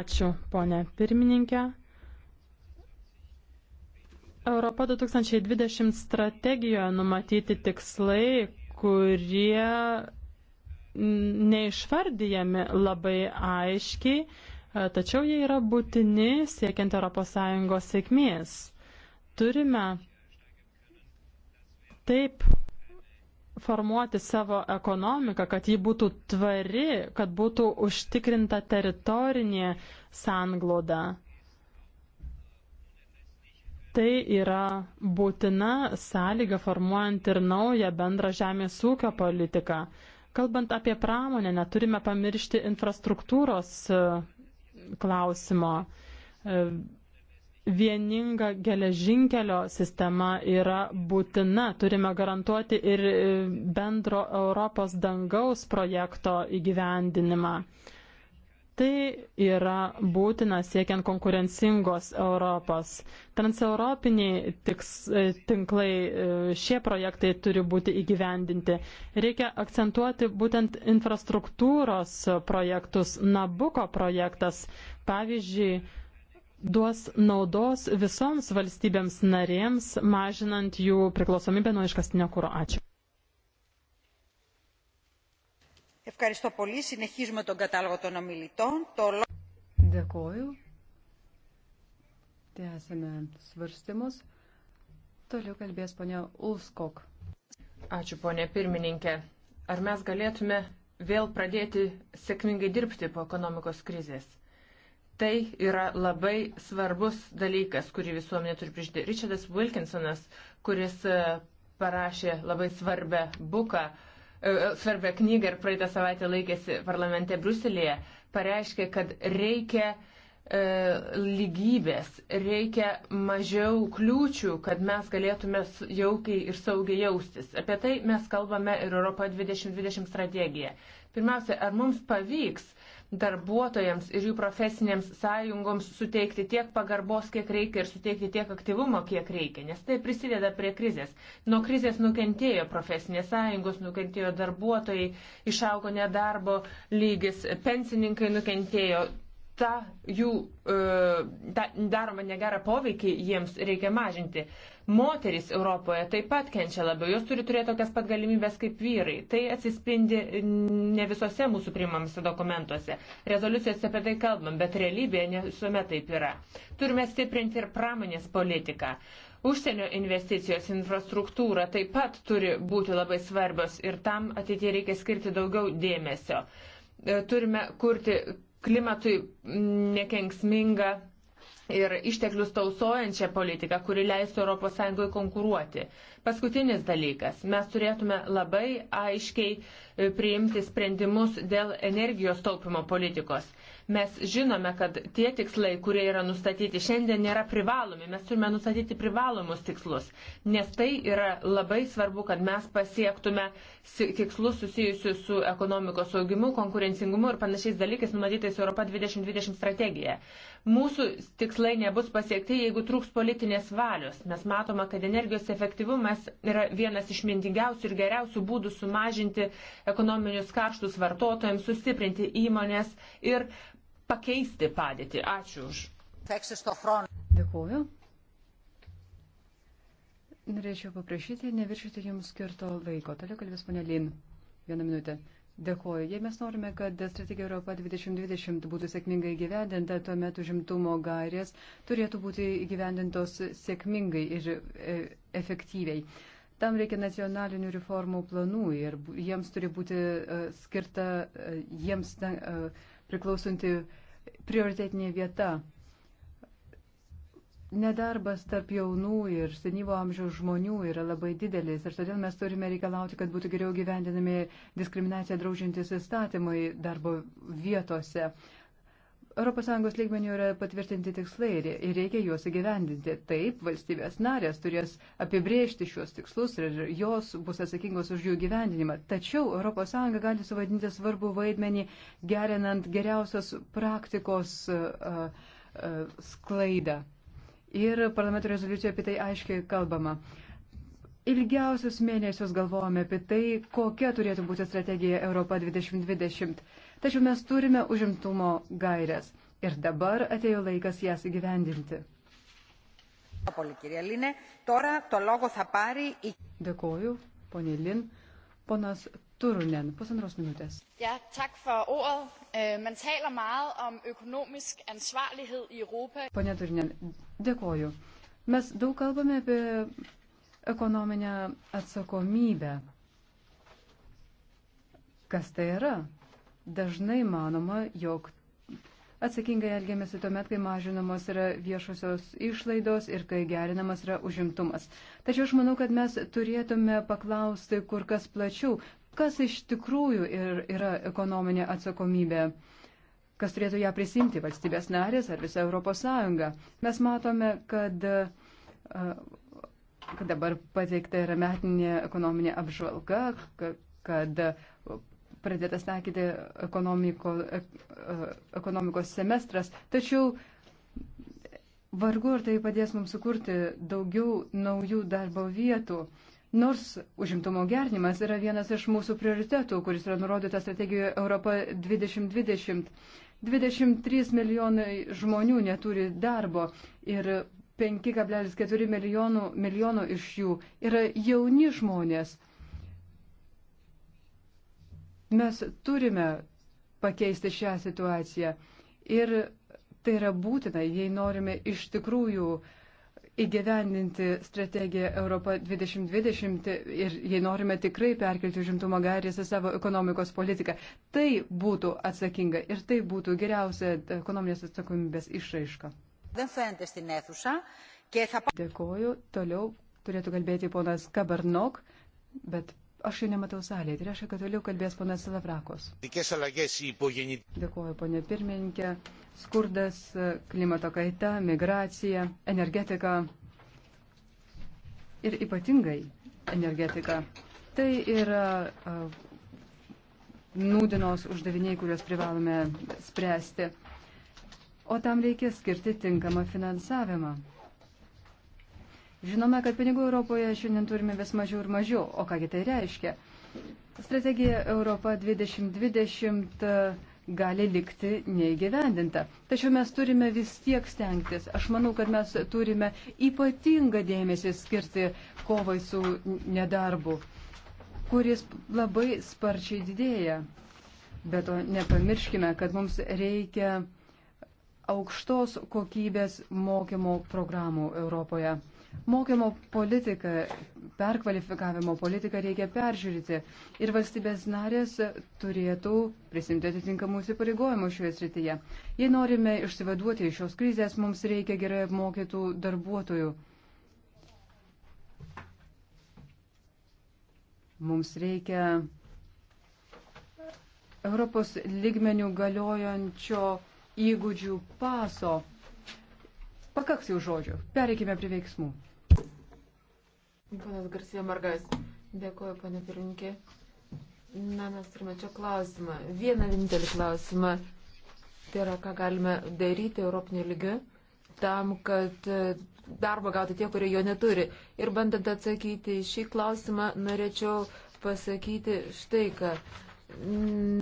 Ačiū, ponė pirmininkė. Europa 2020 strategijoje numatyti tikslai, kurie neišvardyjami labai aiškiai, e, tačiau jie yra būtini siekiant ES sėkmės. Turime taip formuoti savo ekonomiką, kad ji būtų tvari, kad būtų užtikrinta teritorinė sangloda. Tai yra būtina sąlyga formuojant ir naują bendrą žemės ūkio politiką. Kalbant apie pramonę, neturime pamiršti infrastruktūros e, klausimo. E, vieninga geležinkelio sistema yra būtina. Turime garantuoti ir e, bendro Europos dangaus projekto įgyvendinimą. Tai yra būtina siekiant konkurencingos Europos. Transeuropiniai tiks, e, tinklai, e, šie projektai turi būti įgyvendinti. Reikia akcentuoti būtent infrastruktūros projektus. Nabuko projektas, pavyzdžiui, duos naudos visoms valstybėms narėms, mažinant jų priklausomybę nuo iškastinio kūro. Ačiū. Ευχαριστώ πολύ. Συνεχίζουμε τον κατάλογο των ομιλητών. Το... Dėkoju. Tęsime svarstymus. Toliau kalbės ponia Ulskok. Ačiū ponia pirmininkė. Ar mes galėtume vėl pradėti sėkmingai dirbti po ekonomikos krizės? Tai yra labai svarbus dalykas, kurį visuomenė turi prižiūrėti. Richardas Wilkinsonas, kuris e, parašė labai svarbę buką, uh, E, svarbią knygą ir praeitą savaitę laikėsi parlamente Bruselėje, pareiškė, kad reikia e, lygybės, reikia mažiau kliūčių, kad mes galėtume jaukiai ir saugiai jaustis. Apie tai mes kalbame ir Europo 2020 strategiją. Pirmiausia, ar mums pavyks darbuotojams ir jų profesinėms sąjungoms suteikti tiek pagarbos, kiek reikia ir suteikti tiek aktyvumo, kiek reikia, nes tai prisideda prie krizės. Nuo krizės nukentėjo profesinės sąjungos, nukentėjo darbuotojai, išaugo nedarbo lygis, pensininkai nukentėjo. Ta jų e, ta, daroma negera poveikiai jiems reikia mažinti. Moterys Europoje taip pat kenčia labiau, jos turi turėti tokias pat galimybės kaip vyrai. Tai atsispindi ne visose mūsų priimamose dokumentuose. Rezoliucijose apie tai kalbam, bet realybėje ne visuomet taip yra. Turime stiprinti ir pramonės politiką. Užsienio investicijos infrastruktūra taip pat turi būti labai svarbios ir tam ateitie reikia skirti daugiau dėmesio. E, turime kurti klimatui nekenksmingą ir išteklius tausojančią politiką, kuri leistų ES konkuruoti. Paskutinis dalykas. Mes turėtume labai aiškiai e, priimti sprendimus dėl energijos taupimo politikos. Mes žinome, kad tie tikslai, kurie yra nustatyti šiandien, nėra privalomi. Mes turime nustatyti privalomus tikslus, nes tai yra labai svarbu, kad mes pasiektume tikslus susijusius su ekonomikos augimu, konkurencingumu ir panašiais dalykais numatytais Europa 2020 strategija. Mūsų tikslai nebus pasiekti, jeigu trūks politinės valios. Mes matome, kad energijos efektyvumas yra vienas iš mintingiausių ir geriausių būdų sumažinti ekonominius kaštus vartotojams, sustiprinti įmonės ir pakeisti padėtį. Ačiū už. Dėkuoju. Norėčiau paprašyti, neviršyti jums skirto laiko. Toliau kalbės ponė Lin. Vieną minutę. Dėkuoju. Jei mes norime, kad strategija Europa 2020 būtų sėkmingai gyvendinta, tuomet užimtumo gairės turėtų būti gyvendintos sėkmingai ir e, efektyviai. Tam reikia nacionalinių reformų planų ir jiems turi būti e, skirta e, jiems priklausanti prioritetinė vieta Nedarbas tarp jaunų ir senyvo amžiaus žmonių yra labai didelis ir todėl mes turime reikalauti, kad būtų geriau gyvendinami diskriminaciją draužintis įstatymai darbo vietose. ES lygmenių yra patvirtinti tikslai ir reikia juos įgyvendinti. Taip, valstybės narės turės apibriežti šiuos tikslus ir jos bus atsakingos už jų gyvendinimą. Tačiau ES gali suvadinti svarbu vaidmenį gerinant geriausios praktikos uh, uh, sklaidą ir parlamento rezoliucijoje apie tai aiškiai kalbama. Ilgiausius mėnesius galvojame apie tai, kokia turėtų būti strategija Europa 2020. Tačiau mes turime užimtumo gairias ir dabar atėjo laikas jas įgyvendinti. Dėkoju, ponė Lin. Ponas Turunen, pusantros minutės. Ja, tak for ordet. Øh, man taler meget om økonomisk ansvarlighed i Europa. Pone Turunen, dėkoju. Mes daug kalbame apie ekonominę atsakomybę. Kas tai yra? Dažnai manoma, jog atsakingai elgiamasi tuomet, kai mažinamos yra viešosios išlaidos ir kai gerinamas yra užimtumas. Tačiau aš manau, kad mes turėtume paklausti kur kas plačiau, kas iš tikrųjų ir yra ekonominė atsakomybė, kas turėtų ją prisimti valstybės narės ar visa Europos Sąjunga. Mes matome, kad, kad dabar pateikta yra metinė ekonominė apžvalga, kad pradėtas taikyti ekonomiko, e, e, ekonomikos semestras, tačiau vargu ar tai padės mums sukurti daugiau naujų darbo vietų. Nors užimtumo gernimas yra vienas iš mūsų prioritetų, kuris yra nurodytas strategijoje Europa 2020. 23 milijonai žmonių neturi darbo ir 5,4 milijonų, milijonų iš jų yra jauni žmonės. Mes turime pakeisti šią situaciją ir tai yra būtina, jei norime iš tikrųjų uh, įgyvendinti strategiją Europą 2020 ir jei norime tikrai perkelti užimtumo gairės į savo ekonomikos politiką, tai būtų atsakinga ir tai būtų geriausia ekonominės atsakomybės išraiška. Dėkoju. Toliau turėtų kalbėti ponas Kabarnok, bet Aš jų nematau salėje, tai reiškia, kad toliau kalbės ponas Lavrakos. Dėkuoju, ponė pirmininkė. Skurdas, klimato kaita, migracija, energetika ir ypatingai energetika. Tai yra nūdienos uždaviniai, kuriuos privalome spręsti. O tam reikia skirti tinkamą finansavimą. Žinome, kad pinigų Europoje šiandien turime vis mažiau ir mažiau. O kągi tai reiškia? Strategija Europa 2020 e, gali likti neįgyvendinta. Tačiau mes turime vis tiek stengtis. Aš manau, kad mes turime ypatingą dėmesį skirti kovai su nedarbu, kuris labai sparčiai didėja. Bet to nepamirškime, kad mums reikia aukštos kokybės mokymo programų Europoje. Mokymo politiką, perkvalifikavimo politiką reikia peržiūrėti ir valstybės narės turėtų prisimti atitinkamų įsipareigojimų šioje srityje. Jei norime išsivaduoti iš šios krizės, mums reikia gerai apmokytų darbuotojų. Mums reikia Europos lygmenių galiojančio įgūdžių paso Pakaks jau žodžių. Pereikime prie veiksmų. Panas Garsija Margas. Dėkuoju, pane Pirinkė. Na, mes turime čia klausimą. Vieną vienintelį klausimą. Tai yra, ką galime daryti Europinio lygiu tam, kad e, darbą gauti tie, kurie jo neturi. Ir bandant atsakyti šį klausimą, norėčiau pasakyti štai, kad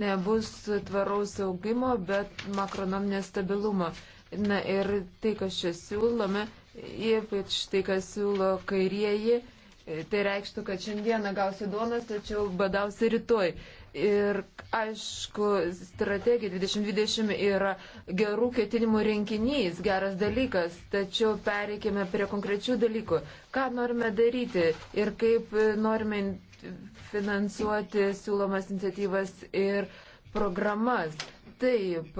nebus tvaraus augimo, bet makronominio stabilumo. Na ir tai, kas čia siūlome, ypač tai, kas siūlo kairieji, tai reikštų, kad šiandieną gausi duonos, tačiau badausi rytoj. Ir aišku, strategija 2020 yra gerų ketinimų rinkinys, geras dalykas, tačiau pereikime prie konkrečių dalykų. Ką norime daryti ir kaip norime finansuoti siūlomas iniciatyvas ir programas. Taip,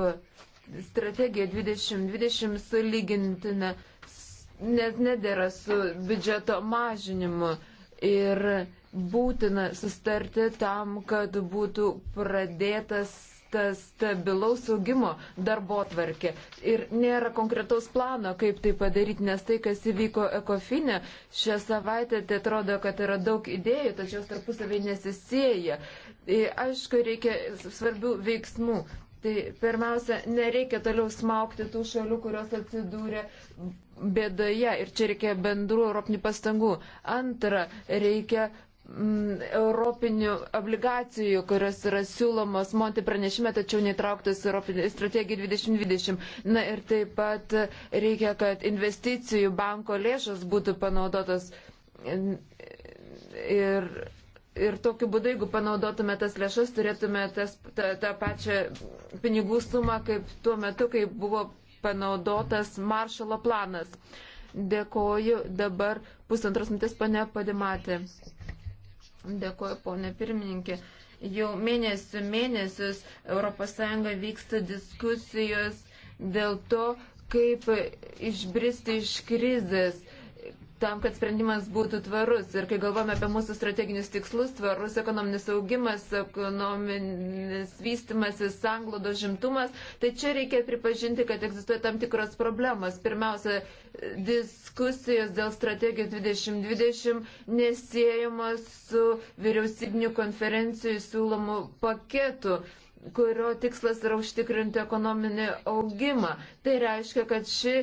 strategija 2020 sulygintina, net nedėra su biudžeto mažinimu ir būtina sustarti tam, kad būtų pradėtas tas stabilaus augimo darbo tvarkė. Ir nėra konkretaus plano, kaip tai padaryti, nes tai, kas įvyko ekofinė, šią savaitę tai atrodo, kad yra daug idėjų, tačiau tarpusavai nesisėja. Aišku, reikia svarbių veiksmų. Tai pirmiausia, nereikia toliau smaukti tų šalių, kurios atsidūrė bėdoje ir čia reikia bendrų europinių pastangų. Antra, reikia mm, europinių obligacijų, kurios yra siūlomos Monti pranešime, tačiau netrauktas strategija 2020. Na ir taip pat reikia, kad investicijų banko lėšos būtų panaudotos. Ir Ir tokiu būdu, jeigu panaudotume tas lėšas, turėtume tas, tą, tą pačią pinigų sumą, kaip tuo metu, kai buvo panaudotas maršalo planas. Dėkoju dabar pusantros mintis, pane Padimatė. Dėkoju, ponė pirmininkė. Jau mėnesių mėnesius ES vyksta diskusijos dėl to, kaip išbristi iš krizės tam, kad sprendimas būtų tvarus. Ir kai galvome apie mūsų strateginius tikslus, tvarus ekonominis augimas, ekonominis vystimasis, sanglodo žimtumas, tai čia reikia pripažinti, kad egzistuoja tam tikros problemos. Pirmiausia, diskusijos dėl strategijos 2020 nesiejamos su vyriausybinių konferencijų siūlomų paketų kurio tikslas yra užtikrinti ekonominį augimą. Tai reiškia, kad ši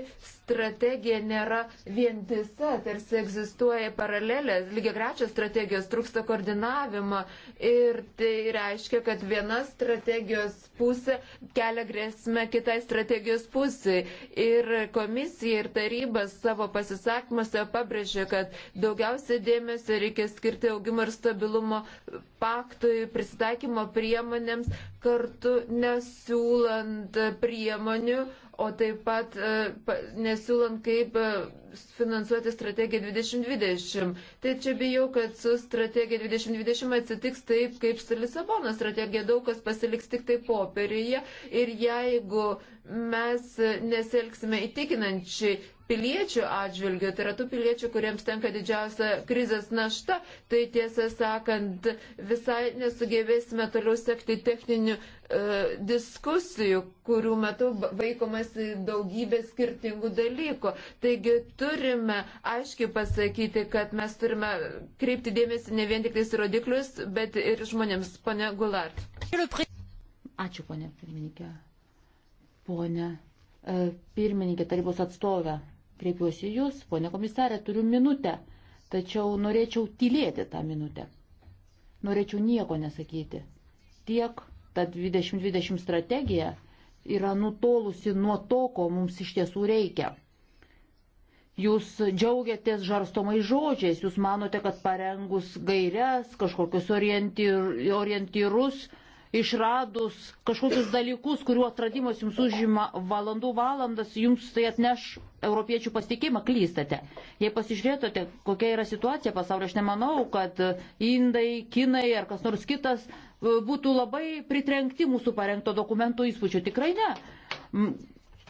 strategija nėra vientisa, tarsi egzistuoja paralelės, lygiai grečios strategijos, trūksta koordinavimo ir tai reiškia, kad viena strategijos pusė kelia grėsmę kitai strategijos pusiai. Ir komisija ir taryba savo pasisakymuose pabrėžė, kad daugiausia dėmesio reikia skirti augimo ir stabilumo paktui, prisitaikymo priemonėms, kartu nesiūlant priemonių, o taip pat e, nesiūlant kaip e, finansuoti strategiją 2020. Tai čia bijau, kad su strategija 2020 atsitiks taip, kaip su Lisabono strategija, daug kas pasiliks tik tai popieriuje ir jeigu mes nesielgsime įtikinančiai piliečių atžvilgių, tai yra tų piliečių, kuriems tenka didžiausia krizės našta, tai tiesą sakant, visai nesugebėsime toliau sekti techninių e, diskusijų, kurių metu vaikomasi daugybė skirtingų dalykų. Taigi turime aiškiai pasakyti, kad mes turime kreipti dėmesį ne vien tik tais rodiklius, bet ir žmonėms. Pone Gulart. Ačiū, ponė pirmininkė. Pone e, pirmininkė tarybos atstovė, kreipiuosi jūs, ponė komisarė, turiu minutę, tačiau norėčiau tylėti tą minutę. Norėčiau nieko nesakyti. Tiek ta 2020 strategija yra nutolusi nuo to, ko mums iš tiesų reikia. Jūs džiaugiatės žarstomais žodžiais, jūs manote, kad parengus gairias, kažkokius orientyrus, išradus kažkokius dalykus, kurių atradimas jums užima valandų valandas, jums tai atneš europiečių pasitikėjimą, klystate. Jei pasižiūrėtote, kokia yra situacija pasaulyje, aš nemanau, kad indai, kinai ar kas nors kitas būtų labai pritrenkti mūsų parengto dokumento įspūdžių. Tikrai ne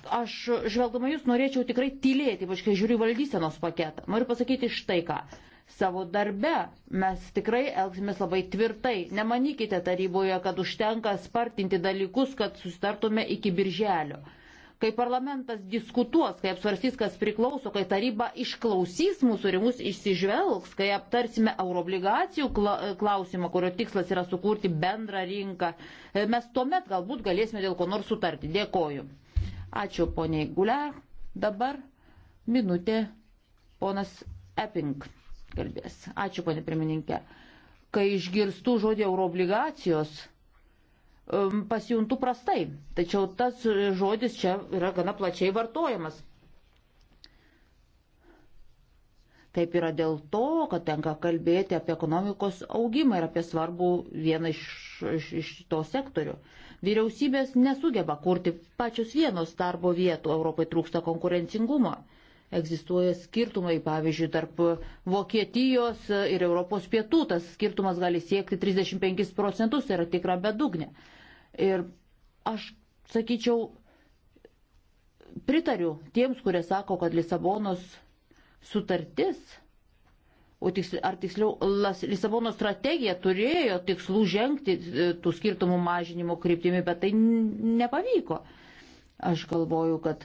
aš žvelgdama jūs norėčiau tikrai tylėti, ypač kai žiūriu valdysenos paketą. Noriu pasakyti štai ką. Savo darbe mes tikrai elgsimės labai tvirtai. Nemanykite taryboje, kad užtenka spartinti dalykus, kad sustartume iki birželio. Kai parlamentas diskutuos, kai apsvarstys, kas priklauso, kai taryba išklausys mūsų rimus, išsižvelgs, kai aptarsime euroobligacijų klausimą, kurio tikslas yra sukurti bendrą rinką, mes tuomet galbūt galėsime dėl ko nors sutarti. Dėkoju. Ačiū poniai Guler. Dabar minutė ponas Epping kalbės. Ačiū ponė pirmininkė. Kai išgirstu žodį euroobligacijos, um, pasijuntu prastai. Tačiau tas žodis čia yra gana plačiai vartojamas. Taip yra dėl to, kad tenka kalbėti apie ekonomikos augimą ir apie svarbų vieną iš, iš, iš to sektorių. Vyriausybės nesugeba kurti pačios vienos darbo vietų, Europai trūksta konkurencingumo. Egzistuoja skirtumai, pavyzdžiui, tarp Vokietijos ir Europos pietų, tas skirtumas gali siekti 35 procentus, tai yra tikra bedugnė. Ir aš sakyčiau, pritariu tiems, kurie sako, kad Lisabonos sutartis tiksliau, ar tiksliau Lisabono strategija turėjo tikslų žengti e, tų skirtumų mažinimo kryptimi, bet tai nepavyko. Aš galvoju, kad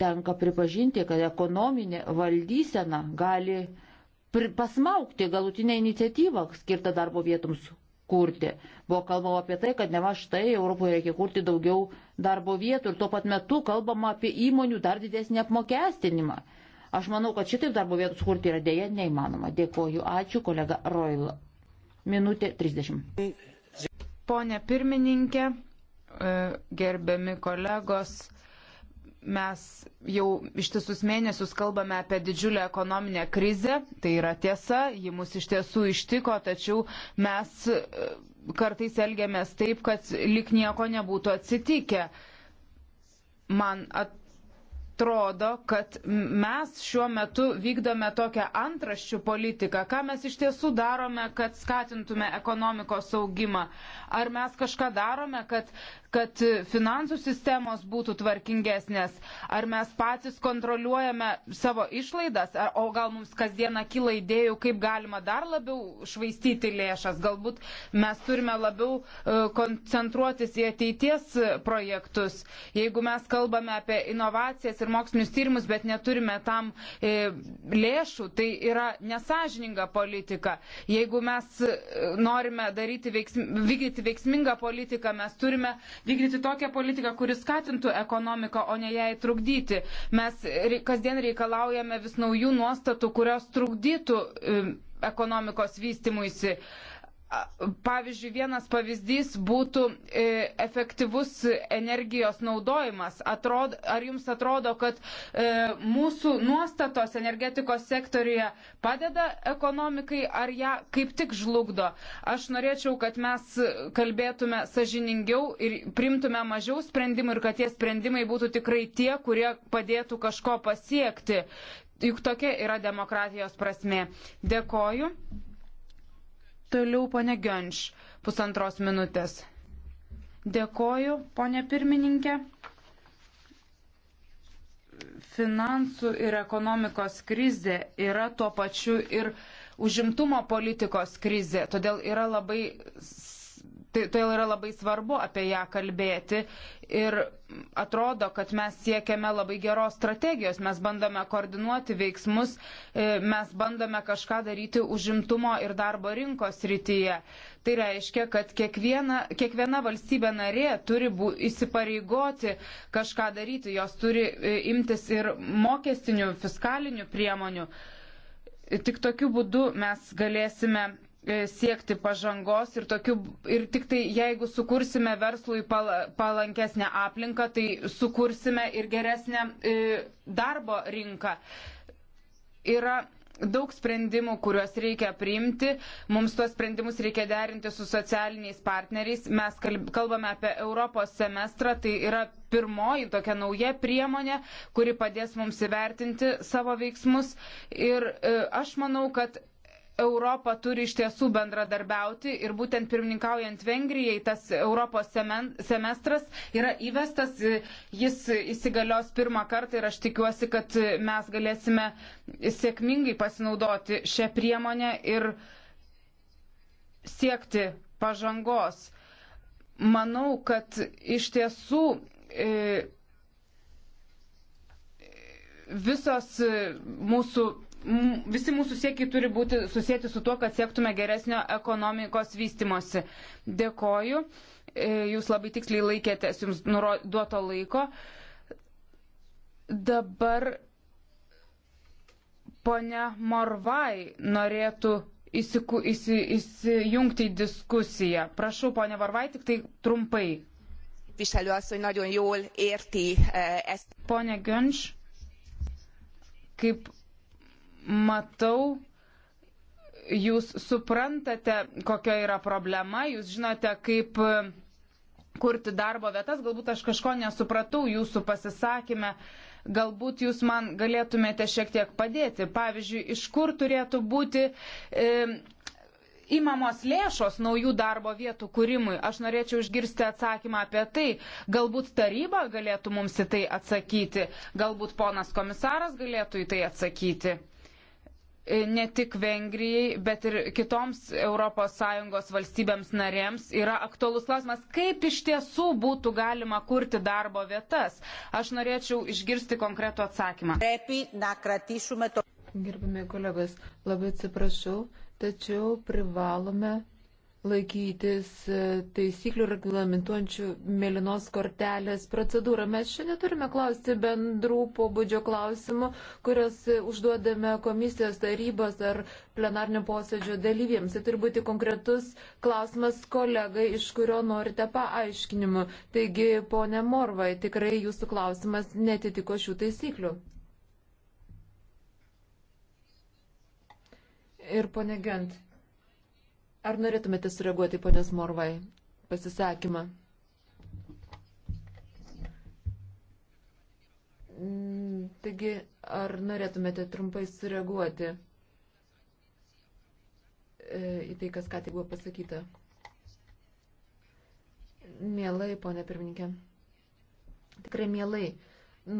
tenka pripažinti, kad ekonominė valdysena gali pasmaukti galutinę iniciatyvą skirtą darbo vietoms kurti. Buvo kalbama apie tai, kad ne va štai Europoje reikia kurti daugiau darbo vietų ir tuo pat metu kalbama apie įmonių dar didesnį apmokestinimą. Aš manau, kad šitaip darbo vietų sukurti yra dėja neįmanoma. Dėkoju. Ačiū, kolega Roil. Minutė 30. Pone pirmininkė, e, gerbiami kolegos, mes jau ištisus mėnesius kalbame apie didžiulę ekonominę krizę. Tai yra tiesa, ji mus iš tiesų ištiko, tačiau mes e, kartais elgiamės taip, kad lik nieko nebūtų atsitikę. Man at, atrodo, kad mes šiuo metu vykdome tokią antraščių politiką. Ką mes iš tiesų darome, kad skatintume ekonomikos augimą? Ar mes kažką darome, kad kad finansų sistemos būtų tvarkingesnės, ar mes patys kontroliuojame savo išlaidas, ar, o gal mums kasdieną kyla idėjų, kaip galima dar labiau švaistyti lėšas, galbūt mes turime labiau e, koncentruotis į ateities projektus. Jeigu mes kalbame apie inovacijas ir mokslinius tyrimus, bet neturime tam e, lėšų, tai yra nesažininga politika. Jeigu mes e, norime daryti veiksm, vykdyti veiksmingą politiką, mes turime vykdyti tokią politiką, kuris skatintų ekonomiką, o ne jai trukdyti. Mes kasdien reikalaujame vis naujų nuostatų, kurios trukdytų ekonomikos vystimuisi. Pavyzdžiui, vienas pavyzdys būtų e, efektyvus energijos naudojimas. Atrod, ar jums atrodo, kad e, mūsų nuostatos energetikos sektoriuje padeda ekonomikai ar ją kaip tik žlugdo? Aš norėčiau, kad mes kalbėtume sažiningiau ir primtume mažiau sprendimų ir kad tie sprendimai būtų tikrai tie, kurie padėtų kažko pasiekti. Juk tokia yra demokratijos prasme. Dėkoju. Toliau ponė Gönš, pusantros minutės. Dėkoju, ponė pirmininkė. Finansų ir ekonomikos krizė yra tuo pačiu ir užimtumo politikos krizė. Todėl yra labai Tai todėl yra labai svarbu apie ją kalbėti ir atrodo, kad mes siekiame labai geros strategijos, mes bandome koordinuoti veiksmus, e, mes bandome kažką daryti užimtumo ir darbo rinkos rytyje. Tai reiškia, kad kiekviena, kiekviena valstybė narė turi bū, įsipareigoti kažką daryti, jos turi e, imtis ir mokestinių, fiskalinių priemonių. Tik tokiu būdu mes galėsime E, siekti pažangos ir, tokiu, ir tik tai jeigu sukursime verslui palankesnę aplinką, tai sukursime ir geresnę e, darbo rinką. Yra daug sprendimų, kuriuos reikia priimti. Mums tuos sprendimus reikia derinti su socialiniais partneriais. Mes kalbame apie Europos semestrą. Tai yra pirmoji tokia nauja priemonė, kuri padės mums įvertinti savo veiksmus. Ir e, aš manau, kad Europa turi iš tiesų bendradarbiauti ir būtent pirmininkaujant Vengrijai tas Europos semestras yra įvestas, jis įsigalios pirmą kartą ir aš tikiuosi, kad mes galėsime sėkmingai pasinaudoti šią priemonę ir siekti pažangos. Manau, kad iš tiesų e, visos mūsų visi mūsų siekiai turi būti susijęti su tuo, kad siektume geresnio ekonomikos vystimosi. Dėkoju. E, jūs labai tiksliai laikėtės jums duoto laiko. Dabar ponia Morvai norėtų įsiku, įsi, įsijungti į diskusiją. Prašau, ponia Morvai, tik tai trumpai. E, ponia Gönš, kaip matau, jūs suprantate, kokia yra problema, jūs žinote, kaip e, kurti darbo vietas, galbūt aš kažko nesupratau jūsų pasisakymę, galbūt jūs man galėtumėte šiek tiek padėti. Pavyzdžiui, iš kur turėtų būti e, įmamos lėšos naujų darbo vietų kūrimui? Aš norėčiau išgirsti atsakymą apie tai. Galbūt taryba galėtų mums į tai atsakyti, galbūt ponas komisaras galėtų į tai atsakyti. E, ne tik Vengrijai, bet ir kitoms ES valstybėms narėms yra aktuolus klausimas, kaip iš tiesų būtų galima kurti darbo vietas. Aš norėčiau išgirsti konkretų atsakymą. Gerbimi kolegos, labai atsiprašau, tačiau privalome laikytis e, taisyklių reglamentuojančių mėlynos kortelės procedūrą. Mes šiandien turime klausti bendrų pobūdžio klausimų, kurias užduodame komisijos tarybos ar plenarnio posėdžio dalyvėms. Tai turi būti konkretus klausimas kolegai, iš kurio norite paaiškinimų. Taigi, ponė Morvai, tikrai jūsų klausimas netitiko šių taisyklių. Ir ponė Gent. Ar norėtumėte sureaguoti, ponės Morvai, pasisakymą? Mm, taigi, ar norėtumėte trumpai sureaguoti e, į tai, kas ką tik buvo pasakyta? Mielai, ponė pirmininkė. Tikrai mielai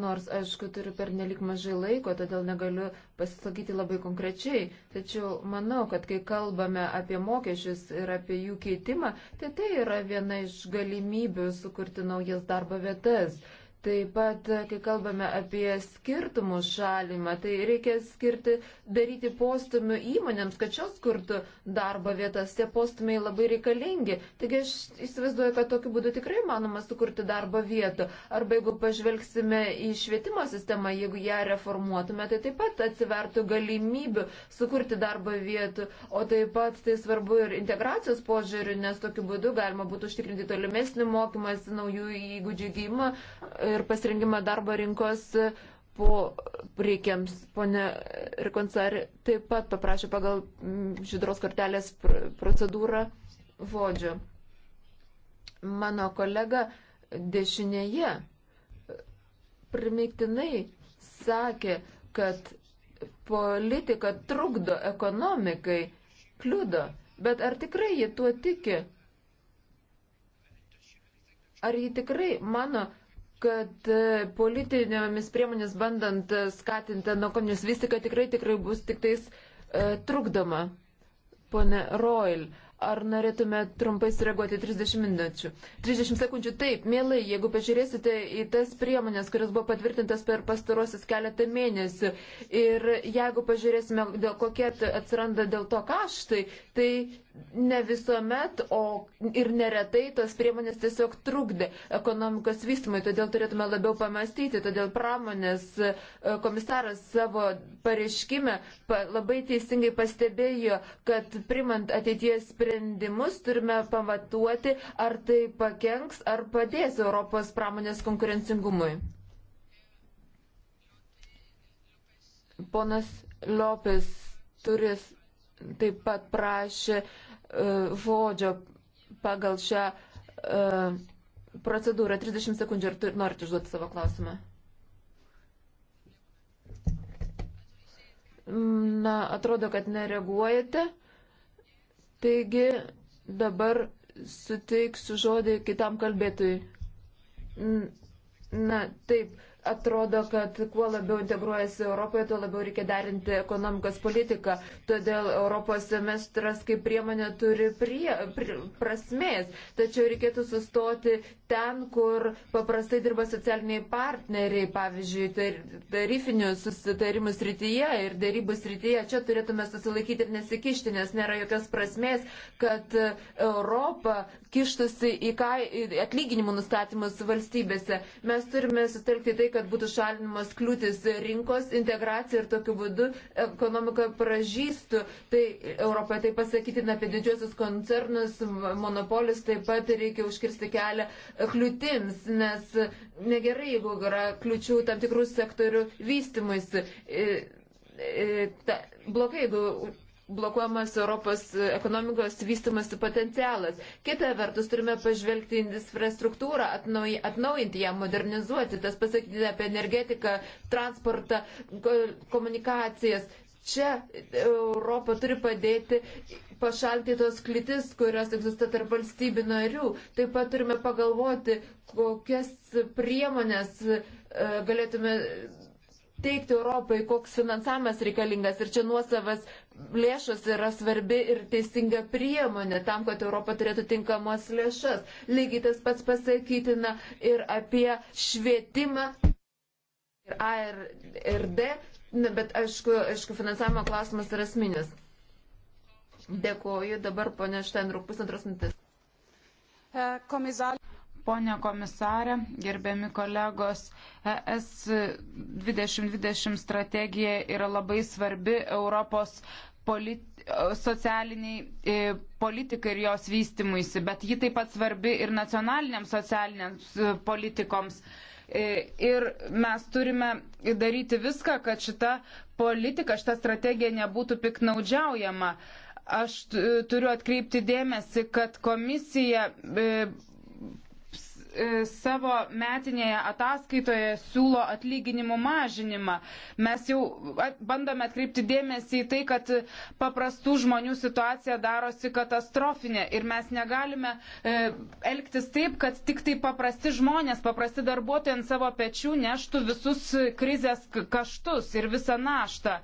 Nors, aišku, turiu per nelik mažai laiko, todėl negaliu pasisakyti labai konkrečiai, tačiau manau, kad kai kalbame apie mokesčius ir apie jų keitimą, tai tai yra viena iš galimybių sukurti naujas darbo vietas. Taip pat, kai kalbame apie skirtumų šalimą, tai reikia skirti, daryti postumių įmonėms, kad šios kurtų darbo vietas. Tie postumiai labai reikalingi. Taigi aš įsivaizduoju, kad tokiu būdu tikrai manoma sukurti darbo vietų. Arba jeigu pažvelgsime į švietimo sistemą, jeigu ją reformuotume, tai taip pat atsivertų galimybių sukurti darbo vietų. O taip pat tai svarbu ir integracijos požiūriu, nes tokiu būdu galima būtų užtikrinti tolimesnį mokymąsi, naujų įgūdžių gimą ir pasirinkimą darbo rinkos po reikiams. Pone Rikonsari taip pat paprašė pagal mm, žydros kortelės pr procedūrą vodžio. Mano kolega dešinėje primiktinai sakė, kad politika trukdo ekonomikai, kliudo. Bet ar tikrai jie tuo tiki? Ar jie tikrai mano, kad e, politinėmis priemonės bandant e, skatinti nuokonės vystiką tikrai tikrai bus tik tais e, trukdoma. Pone Roil, ar norėtume trumpai sureaguoti 30 minučių? 30 sekundžių, taip, mielai, jeigu pažiūrėsite į tas priemonės, kurios buvo patvirtintas per pastarosius keletą mėnesių ir jeigu pažiūrėsime, dėl kokie atsiranda dėl to kaštai, tai ne visuomet, o ir neretai tos priemonės tiesiog trukdė ekonomikos vystimui, todėl turėtume labiau pamastyti, todėl pramonės e, komisaras savo pareiškime labai teisingai pastebėjo, kad primant ateities sprendimus turime pamatuoti, ar tai pakenks, ar padės Europos pramonės konkurencingumui. Ponas Lopes turis taip pat prašė e, žodžio pagal šią e, procedūrą. 30 sekundžių ar tu norite užduoti savo klausimą? Na, atrodo, kad nereaguojate. Taigi dabar suteiksiu žodį kitam kalbėtojui. Na, taip atrodo, kad kuo labiau integruojasi Europoje, tuo labiau reikia derinti ekonomikos politiką. Todėl Europos semestras kaip priemonė turi prie, prie, prasmės. Tačiau reikėtų sustoti ten, kur paprastai dirba socialiniai partneriai, pavyzdžiui, tar, tarifinių susitarimų srityje ir dėrybų srityje. Čia turėtume susilaikyti ir nesikišti, nes nėra jokios prasmės, kad Europa kištusi į, ką, į atlyginimų nustatymus valstybėse. Mes turime sutelkti tai, kad būtų šalinimas kliūtis rinkos integracija ir tokiu būdu ekonomika pražystų. Tai Europoje tai pasakytina apie didžiosius koncernus, monopolius, taip pat reikia užkirsti kelią kliūtims, nes negerai, jeigu yra kliučių tam tikrų sektorių vystimuisi. E, e, ta, blogai, jeigu blokuojamas Europos ekonomikos vystimasi potencialas. Kita vertus, turime pažvelgti į infrastruktūrą, atnauj, atnaujinti ją, modernizuoti, tas pasakyti apie energetiką, transportą, komunikacijas. Čia Europa turi padėti pašalti tos klitis, kurios egzistuoja tarp valstybių narių. Taip pat turime pagalvoti, kokias priemonės e, galėtume teikti Europai, koks finansavimas reikalingas. Ir čia nuosavas lėšas yra svarbi ir teisinga priemonė tam, kad Europa turėtų tinkamos lėšas. Lygiai tas pats pasakytina ir apie švietimą. Ir A ir, ir D, Na, bet aišku, aišku, finansavimo klausimas yra asmenis. Dėkuoju, dabar ponė Štenruk, pusantros mintis. Komisar. Pone komisarė, gerbiami kolegos, ES 2020 strategija yra labai svarbi Europos politi socialiniai e, politikai ir jos vystimuisi, bet ji taip pat svarbi ir nacionaliniams socialiniams e, politikoms. E, ir mes turime daryti viską, kad šita politika, šita strategija nebūtų piknaudžiaujama. Aš turiu atkreipti dėmesį, kad komisija E, savo metinėje ataskaitoje siūlo atlyginimų mažinimą. Mes jau bandome atkreipti dėmesį į tai, kad paprastų žmonių situacija darosi katastrofinė ir mes negalime e, elgtis taip, kad tik tai paprasti žmonės, paprasti darbuotojai ant savo pečių neštų visus krizės kaštus ir visą naštą.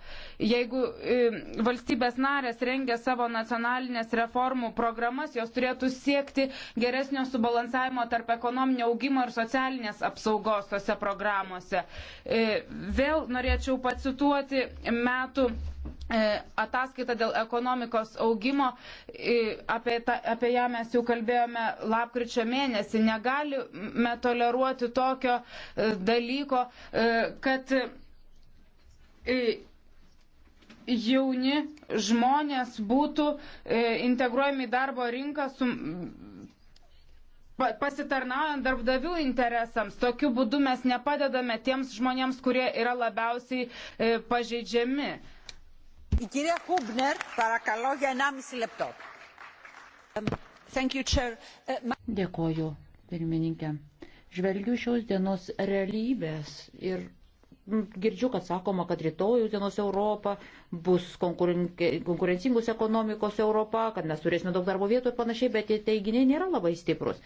Jeigu e, valstybės narės rengia savo nacionalinės reformų programas, jos turėtų siekti geresnio subalansavimo tarp ekonomikos ekonominio augimo ir socialinės apsaugos tose programuose. E, vėl norėčiau pacituoti metų e, ataskaita dėl ekonomikos augimo, e, apie, ta, apie ją mes jau kalbėjome lapkričio mėnesį, negalime toleruoti tokio dalyko, kad jauni žmonės būtų integruojami į darbo rinką su pasitarnaujant darbdavių interesams. Tokiu būdu mes nepadedame tiems žmonėms, kurie yra labiausiai e, pažeidžiami. Um, uh, Dėkoju, pirmininkė. Žvelgiu šios dienos realybės ir girdžiu, kad sakoma, kad rytojų dienos Europa bus konkurencingus ekonomikos Europa, kad mes turėsime daug darbo vietų ir panašiai, bet tie teiginiai nėra labai stiprus.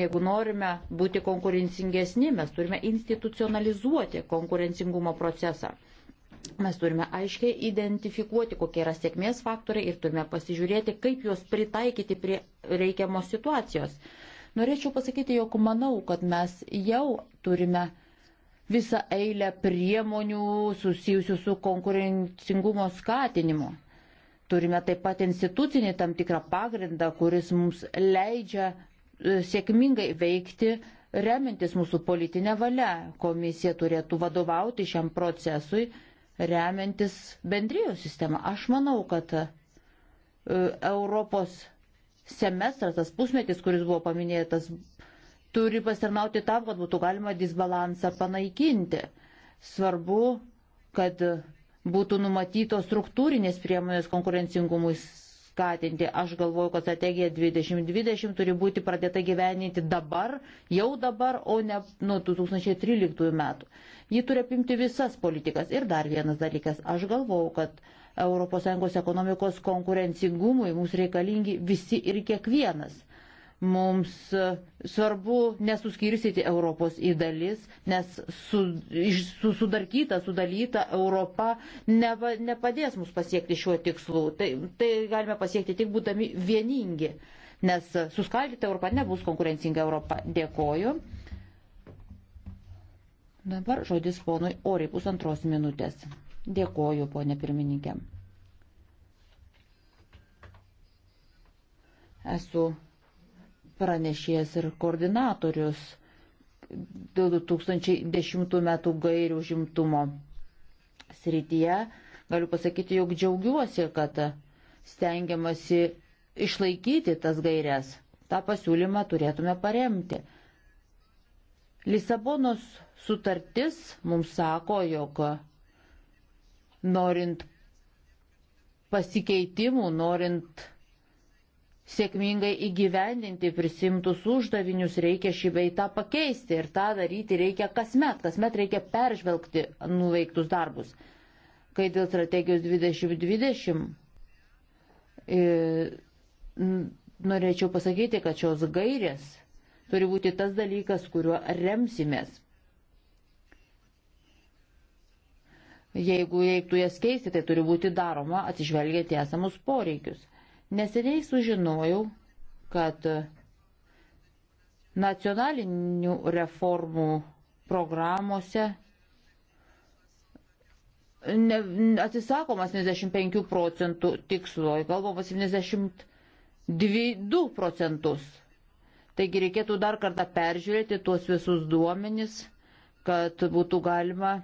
Jeigu norime būti konkurencingesni, mes turime institucionalizuoti konkurencingumo procesą. Mes turime aiškiai identifikuoti, kokie yra sėkmės faktoriai ir turime pasižiūrėti, kaip juos pritaikyti prie reikiamos situacijos. Norėčiau pasakyti, jog manau, kad mes jau turime visą eilę priemonių susijusių su konkurencingumo skatinimu. Turime taip pat institucinį tam tikrą pagrindą, kuris mums leidžia sėkmingai veikti remintis mūsų politinę valią. Komisija turėtų vadovauti šiam procesui remintis bendrijos sistemą. Aš manau, kad e, Europos semestras, tas pusmetis, kuris buvo paminėtas, turi pasirnauti tam, kad būtų galima disbalansą panaikinti. Svarbu, kad būtų numatytos struktūrinės priemonės konkurencingumui skatinti. Aš galvoju, kad strategija 2020 turi būti pradėta gyveninti dabar, jau dabar, o ne nuo 2013 metų. Ji turi apimti visas politikas. Ir dar vienas dalykas. Aš galvoju, kad ES ekonomikos konkurencingumui mums reikalingi visi ir kiekvienas. Mums svarbu nesuskirstyti Europos į dalis, nes su, su, sudarkyta, sudalyta Europa ne, nepadės mums pasiekti šiuo tikslu. Tai, tai galime pasiekti tik būdami vieningi, nes suskaldyta Europa nebus konkurencinga Europa. Dėkoju. Dabar žodis ponui Oriai pusantros minutės. Dėkoju, ponė pirmininkė. Esu pranešėjas ir koordinatorius 2010 m. gairių žimtumo srityje. Galiu pasakyti, jog džiaugiuosi, kad stengiamasi išlaikyti tas gairias. Ta pasiūlymą turėtume paremti. Lisabonos sutartis mums sako, jog norint pasikeitimų, norint sėkmingai įgyvendinti prisimtus uždavinius, reikia šį veitą pakeisti ir tą daryti reikia kasmet. Kasmet reikia peržvelgti nuveiktus darbus. Kai dėl strategijos 2020 e, norėčiau pasakyti, kad šios gairės turi būti tas dalykas, kuriuo remsimės. Jeigu reiktų jas keisti, tai turi būti daroma atsižvelgiant į esamus poreikius. Neseniai sužinojau, kad nacionalinių reformų programuose ne, atsisakoma 75 procentų tikslo, kalbama 72 procentus. Taigi reikėtų dar kartą peržiūrėti tuos visus duomenis, kad būtų galima e,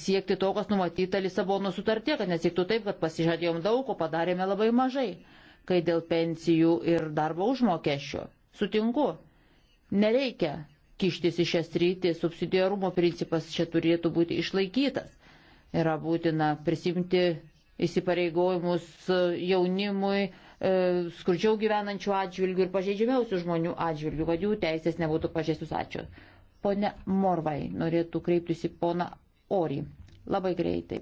siekti to, kas numatyta Lisabono sutartie, kad nesiektų taip, kad pasižadėjom daug, o padarėme labai mažai kai dėl pensijų ir darbo užmokesčio. Sutinku, nereikia kištis į šią sritį, subsidiarumo principas čia turėtų būti išlaikytas. Yra būtina prisimti įsipareigojimus jaunimui, e, skurdžiau gyvenančių atžvilgių ir pažeidžiamiausių žmonių atžvilgių, kad jų teisės nebūtų pažeistus. Ačiū. Pone Morvai norėtų kreiptis į poną Orį. Labai greitai.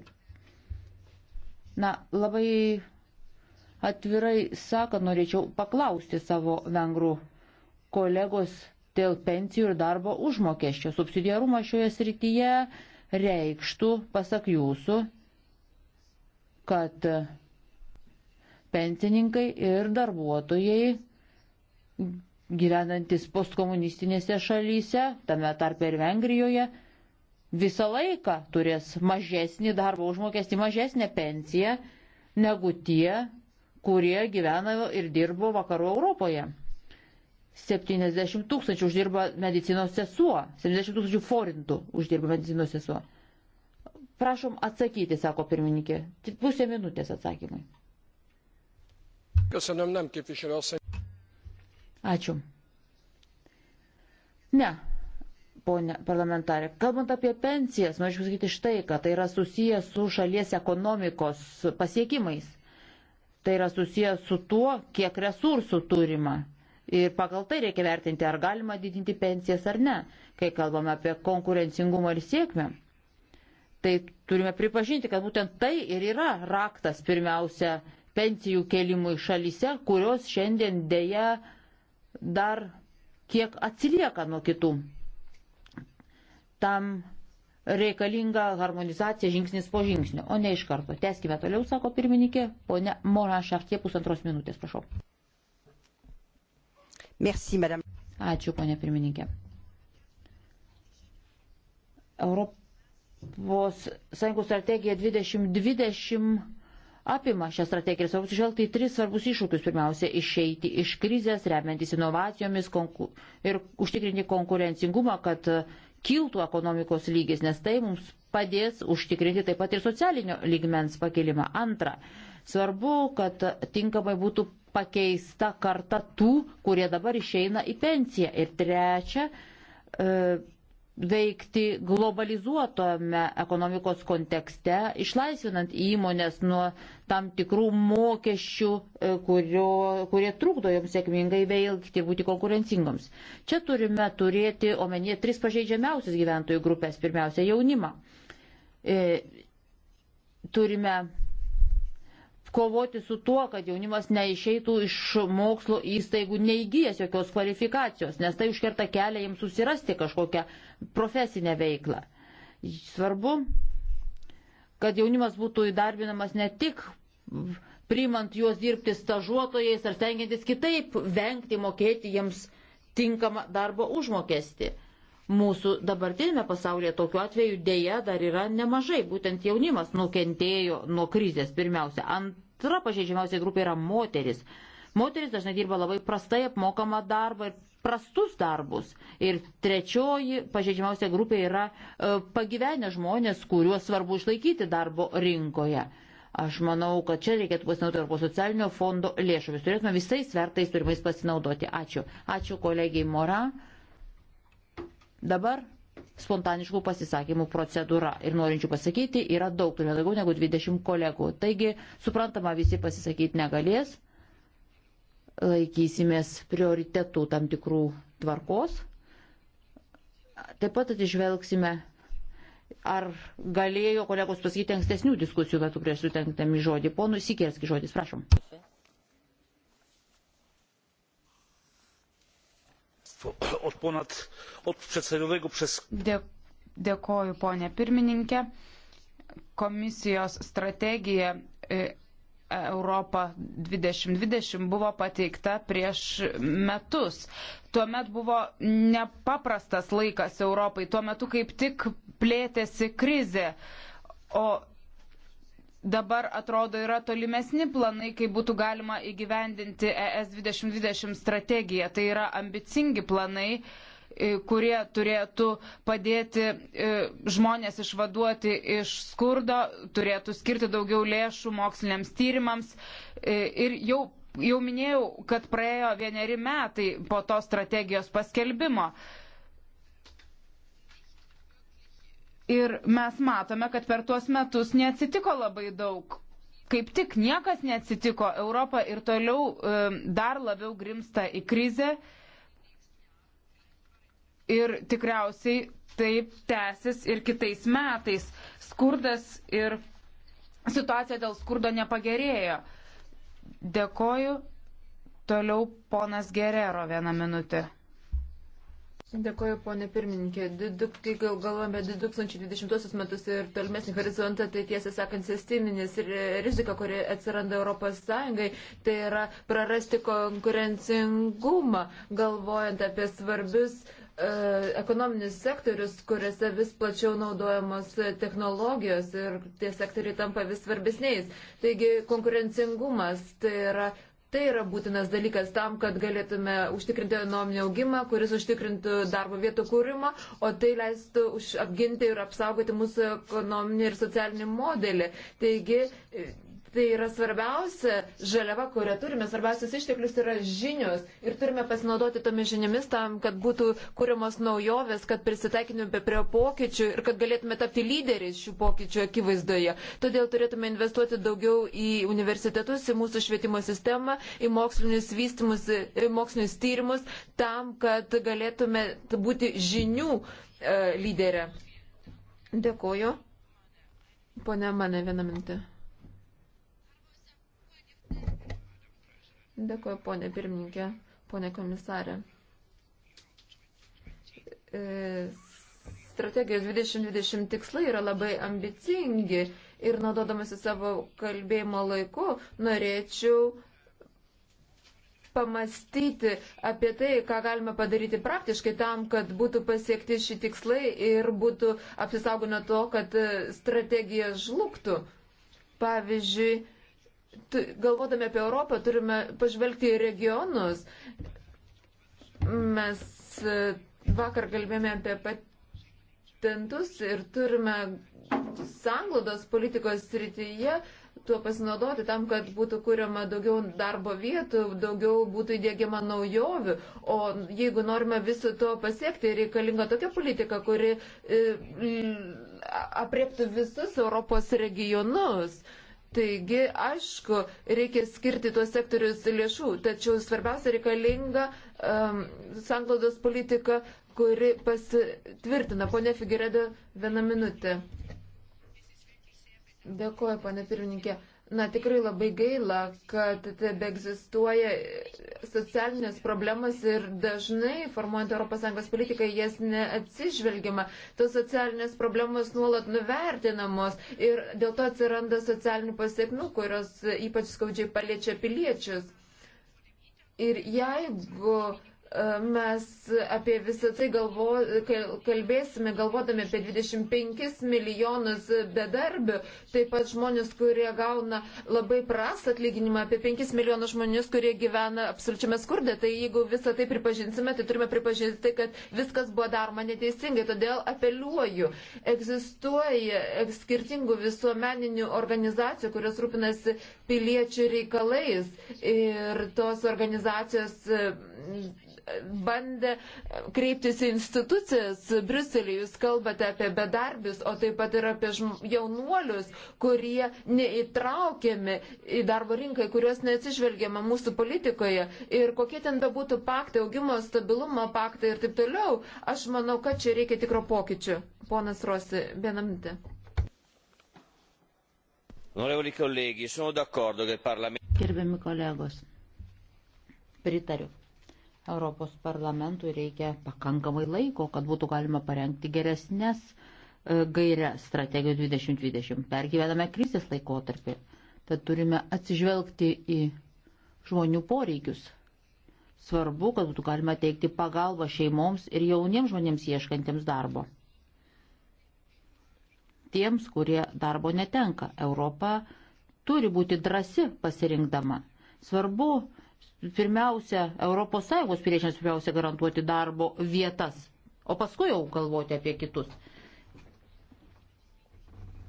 Na, labai Atvirai sakant, norėčiau paklausti savo vengrų kolegos dėl pensijų ir darbo užmokesčio. Subsidiarumas šioje srityje reikštų, pasak jūsų, kad pensininkai ir darbuotojai gyvenantis postkomunistinėse šalyse, tame tarpe ir Vengrijoje, visą laiką turės mažesnį darbo užmokestį, mažesnę pensiją negu tie, kurie gyvena ir dirbo vakarų Europoje. 70 tūkstančių uždirba medicinos sesuo, 70 tūkstančių forintų uždirba medicinos sesuo. Prašom atsakyti, sako pirmininkė. Tik pusė minutės atsakymai. Ačiū. Ne, ponė parlamentarė. Kalbant apie pensijas, noriu pasakyti štai, kad tai yra susijęs su šalies ekonomikos pasiekimais. Tai yra susijęs su tuo, kiek resursų turima. Ir pagal tai reikia vertinti, ar galima didinti pensijas ar ne, kai kalbame apie konkurencingumą ir sėkmę. Tai turime pripažinti, kad būtent tai ir yra raktas pirmiausia pensijų kelimui šalyse, kurios šiandien dėja dar kiek atsilieka nuo kitų. Tam reikalinga harmonizacija žingsnis po žingsnio, o ne iš karto. Teskime toliau, sako pirmininkė, ponia Mora Šartie, pusantros minutės, prašau. Merci, madame. Ačiū, ponia pirmininkė. Europos Sąjungos strategija 2020 apima šią strategiją ir svarbu atsižvelgti į tris svarbus iššūkius. Pirmiausia, išeiti iš krizės, remiantis inovacijomis konku... ir užtikrinti konkurencingumą, kad kiltų ekonomikos lygis, nes tai mums padės užtikrinti taip pat ir socialinio lygmens pakilimą. Antra, svarbu, kad tinkamai būtų pakeista karta tų, kurie dabar išeina į pensiją. Ir trečia, e, veikti globalizuotome ekonomikos kontekste, išlaisvinant įmonės nuo tam tikrų mokesčių, e, kurio, kurie trukdo joms sėkmingai veikti ir būti konkurencingoms. Čia turime turėti omenyje tris pažeidžiamiausias gyventojų grupės, pirmiausia jaunimą. E, turime kovoti su tuo, kad jaunimas neišeitų iš mokslo įstaigų neįgyjęs jokios kvalifikacijos, nes tai užkerta kelią jiems susirasti kažkokią profesinę veiklą. Svarbu, kad jaunimas būtų įdarbinamas ne tik priimant juos dirbti stažuotojais ar stengiantis kitaip vengti mokėti jiems tinkamą darbo užmokestį. Mūsų dabartinėme pasaulyje tokiu atveju dėja dar yra nemažai. Būtent jaunimas nukentėjo nuo krizės pirmiausia. Antra pažeidžiamiausia grupė yra moteris. Moteris dažnai dirba labai prastai apmokamą darbą ir prastus darbus. Ir trečioji pažeidžiamiausia grupė yra e, pagyvenę žmonės, kuriuos svarbu išlaikyti darbo rinkoje. Aš manau, kad čia reikėtų pasinaudoti Europos socialinio fondo lėšomis. Turėtume visais svertais turimais pasinaudoti. Ačiū. Ačiū kolegijai Mora. Dabar spontaniškų pasisakymų procedūra ir norinčių pasakyti yra daug, turime daugiau negu 20 kolegų. Taigi, suprantama, visi pasisakyti negalės, laikysimės prioritetų tam tikrų tvarkos. Taip pat atižvelgsime, ar galėjo kolegos pasakyti ankstesnių diskusijų metu prieš sutenkdami žodį. Ponų Sikerski žodis, prašom. Okay. od ponad od przedstawionego przez. Dė, dėkoju, ponė pirmininkė. Komisijos strategija e, Europa 2020 buvo pateikta prieš metus. Tuomet buvo nepaprastas laikas Europai, tuo metu kaip tik plėtėsi krizė. O dabar atrodo yra tolimesni planai, kaip būtų galima įgyvendinti ES 2020 strategiją. Tai yra ambicingi planai e, kurie turėtų padėti e, žmonės išvaduoti iš skurdo, turėtų skirti daugiau lėšų moksliniams tyrimams. E, ir jau, jau minėjau, kad praėjo vieneri metai po to strategijos paskelbimo. Ir mes matome, kad per tuos metus neatsitiko labai daug. Kaip tik niekas neatsitiko, Europa ir toliau dar labiau grimsta į krizę ir tikriausiai taip tęsis ir kitais metais. Skurdas ir situacija dėl skurdo nepagerėjo. Dėkoju. Toliau ponas Gerero vieną minutę. Dėkuoju, ponė pirmininkė. Kai galvojame 2020 metus ir tolimesnį horizontą, tai tiesą sakant, sisteminis rizika, kuri atsiranda Europos Sąjungai, tai yra prarasti konkurencingumą, galvojant apie svarbius e, ekonominius sektorius, kuriuose vis plačiau naudojamos technologijos ir tie sektoriai tampa vis svarbesniais. Taigi konkurencingumas tai yra Tai yra būtinas dalykas tam, kad galėtume užtikrinti ekonominį augimą, kuris užtikrintų darbo vietų kūrimą, o tai leistų apginti ir apsaugoti mūsų ekonominį ir socialinį modelį. Taigi Tai yra svarbiausia žaliava, kurią turime, svarbiausias išteklius yra žinios ir turime pasinaudoti tomis žiniomis tam, kad būtų kūriamos naujovės, kad prisitaikinime prie pokyčių ir kad galėtume tapti lyderiais šių pokyčių akivaizdoje. Todėl turėtume investuoti daugiau į universitetus, į mūsų švietimo sistemą, į mokslinius, vystymus, į mokslinius tyrimus, tam, kad galėtume būti žinių e, lyderė. Dėkoju. Pone, mane vieną minutę. Dėkuoju, ponė pirmininkė, ponė komisarė. E, strategijos 2020 tikslai yra labai ambicingi ir naudodamasi savo kalbėjimo laiku norėčiau pamastyti apie tai, ką galime padaryti praktiškai tam, kad būtų pasiekti šį tikslai ir būtų apsisaugoma to, kad strategija žlugtų. Pavyzdžiui, galvodami apie Europą, turime pažvelgti į regionus. Mes e, vakar kalbėjome apie patentus ir turime sanglodos politikos srityje tuo pasinaudoti tam, kad būtų kuriama daugiau darbo vietų, daugiau būtų įdėgiama naujovių. O jeigu norime viso to pasiekti, reikalinga tokia politika, kuri e, apriektų visus Europos regionus. Taigi, aišku, reikia skirti tuos sektorius lėšų, tačiau svarbiausia reikalinga um, sanglaudos politika, kuri pasitvirtina. Pone Figuredo, vieną minutę. Dėkuoju, pane pirmininkė. Na tikrai labai gaila, kad tebe egzistuoja socialinės problemas ir dažnai formuojant ES politiką jas neatsižvelgiama. Tos socialinės problemos nuolat nuvertinamos ir dėl to atsiranda socialinių pasiekmių, kurios ypač skaudžiai paliečia piliečius. Ir jeigu uh, mes apie visą tai galvo, kalbėsime, galvodami apie 25 milijonus bedarbių, taip pat žmonės, kurie gauna labai prastą atlyginimą, apie 5 milijonus žmonės, kurie gyvena absoliučiame skurde. Tai jeigu visą tai pripažinsime, tai turime pripažinti, tai kad viskas buvo daroma neteisingai. Todėl apeliuoju. Egzistuoja skirtingų visuomeninių organizacijų, kurios rūpinasi piliečių reikalais. Ir tos organizacijos bandė kreiptis į institucijas Briuselį. Jūs kalbate apie bedarbius, o taip pat ir apie jaunuolius, kurie neįtraukiami į darbo rinką, kuriuos neatsižvelgiama mūsų politikoje. Ir kokie ten bebūtų paktai, augimo stabilumo paktai ir taip toliau, aš manau, kad čia reikia tikro pokyčių. Ponas Rosi, vieną minutę. Gerbiami kolegos, pritariu Europos parlamentui reikia pakankamai laiko, kad būtų galima parengti geresnės e, gairias strategijos 2020. Pergyvename krizės laikotarpį, tad turime atsižvelgti į žmonių poreikius. Svarbu, kad būtų galima teikti pagalbą šeimoms ir jauniems žmonėms ieškantiems darbo. Tiems, kurie darbo netenka, Europa turi būti drasi pasirinkdama. Svarbu, pirmiausia, ES piliečiams pirmiausia garantuoti darbo vietas, o paskui jau galvoti apie kitus.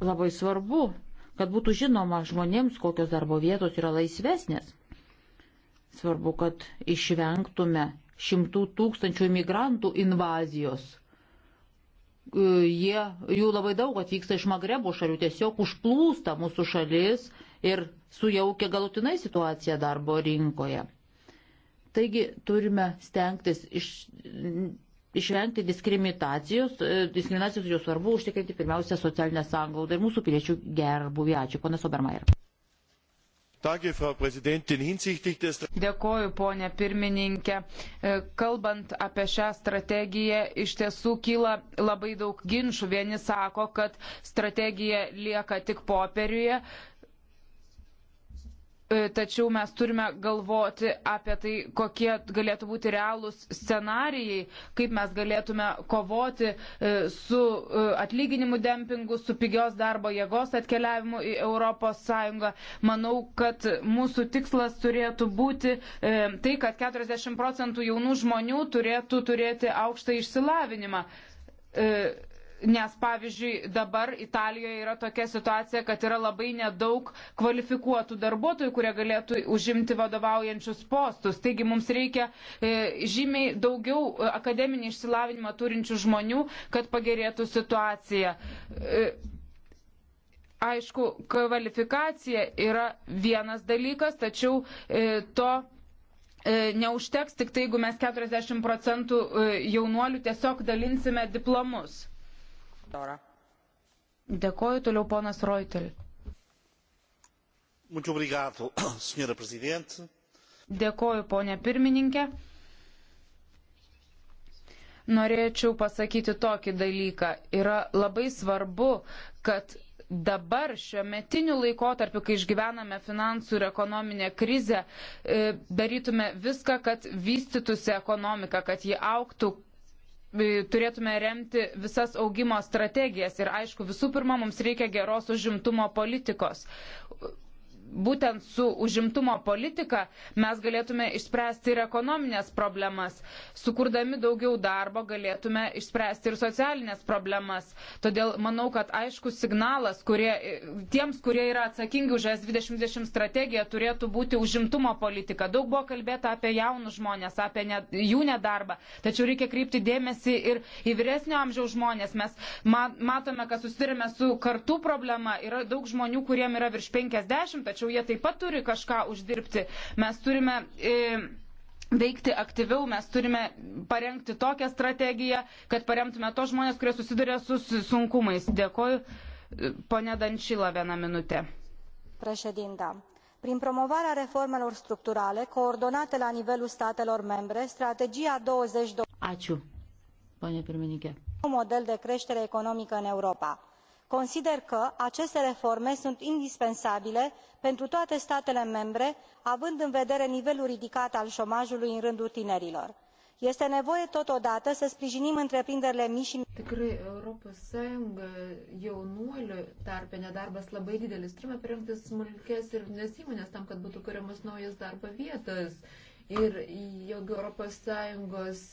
Labai svarbu, kad būtų žinoma žmonėms, kokios darbo vietos yra laisvesnės. Svarbu, kad išvengtume šimtų tūkstančių imigrantų invazijos. Jie, jų labai daug atvyksta iš Magrebo šalių, tiesiog užplūsta mūsų šalis ir sujaukia galutinai situaciją darbo rinkoje. Taigi turime stengtis iš, išvengti diskriminacijos, e, diskriminacijos jau svarbu užtikrinti pirmiausia socialinę sąnglaudą ir mūsų piliečių gerbuvį. Ačiū, ponas Obermair. Dėkoju, ponė pirmininkė. E, kalbant apie šią strategiją, iš tiesų kyla labai daug ginčių. Vieni sako, kad strategija lieka tik popieriuje, E, tačiau mes turime galvoti apie tai, kokie galėtų būti realūs scenarijai, kaip mes galėtume kovoti e, su e, atlyginimu dempingu, su pigios darbo jėgos atkeliavimu į ES. Manau, kad mūsų tikslas turėtų būti tai, kad 40 procentų jaunų žmonių turėtų turėti aukštą išsilavinimą. Nes, pavyzdžiui, dabar Italijoje yra tokia situacija, kad yra labai nedaug kvalifikuotų darbuotojų, kurie galėtų užimti vadovaujančius postus. Taigi mums reikia e, žymiai daugiau e, akademinį išsilavinimą turinčių žmonių, kad pagerėtų situacija. E, aišku, kvalifikacija yra vienas dalykas, tačiau e, to e, neužteks tik tai, jeigu mes 40 procentų e, jaunuolių tiesiog dalinsime diplomus. Dėkoju toliau ponas Reutel. Dėkoju ponė pirmininkė. Norėčiau pasakyti tokį dalyką. Yra labai svarbu, kad dabar šio metiniu laikotarpiu, kai išgyvename finansų ir ekonominę krizę, e, darytume viską, kad vystytųsi ekonomika, kad ji auktų, E, turėtume remti visas augimo strategijas. Ir aišku, visų pirma, mums reikia geros užimtumo politikos būtent su užimtumo politika mes galėtume išspręsti ir ekonominės problemas. Sukurdami daugiau darbo galėtume išspręsti ir socialinės problemas. Todėl manau, kad aiškus signalas kurie, tiems, kurie yra atsakingi už S2020 strategiją, turėtų būti užimtumo politika. Daug buvo kalbėta apie jaunus žmonės, apie ne, jų nedarbą. Tačiau reikia kreipti dėmesį ir į vyresnio amžiaus žmonės. Mes matome, kad susidurime su kartų problema. Yra daug žmonių, kuriem yra virš 50, tačiau tačiau jie taip pat turi kažką uždirbti. Mes turime. E, veikti aktyviau, mes turime parengti tokią strategiją, kad paremtume tos žmonės, kurie susiduria su sunkumais. Dėkoju, e, ponė Dančila, vieną minutę. Președinta, prin promovarea reformelor structurale coordonate la nivelul statelor membre, strategia 2020. Ačiū, ponė pirmininkė. Un model de creștere economică în Europa consider că aceste reforme sunt indispensabile pentru toate statele membre având în vedere nivelul ridicat al omajului în rândul tinerilor. este nevoie totodată să sprijinim întreprinderile mici și Tikrai Europos Sąjunga jaunuolių tarpe nedarbas labai didelis. Turime parengti smulkės ir vidinės įmonės tam, kad būtų kuriamos naujos darbo vietos ir jog ES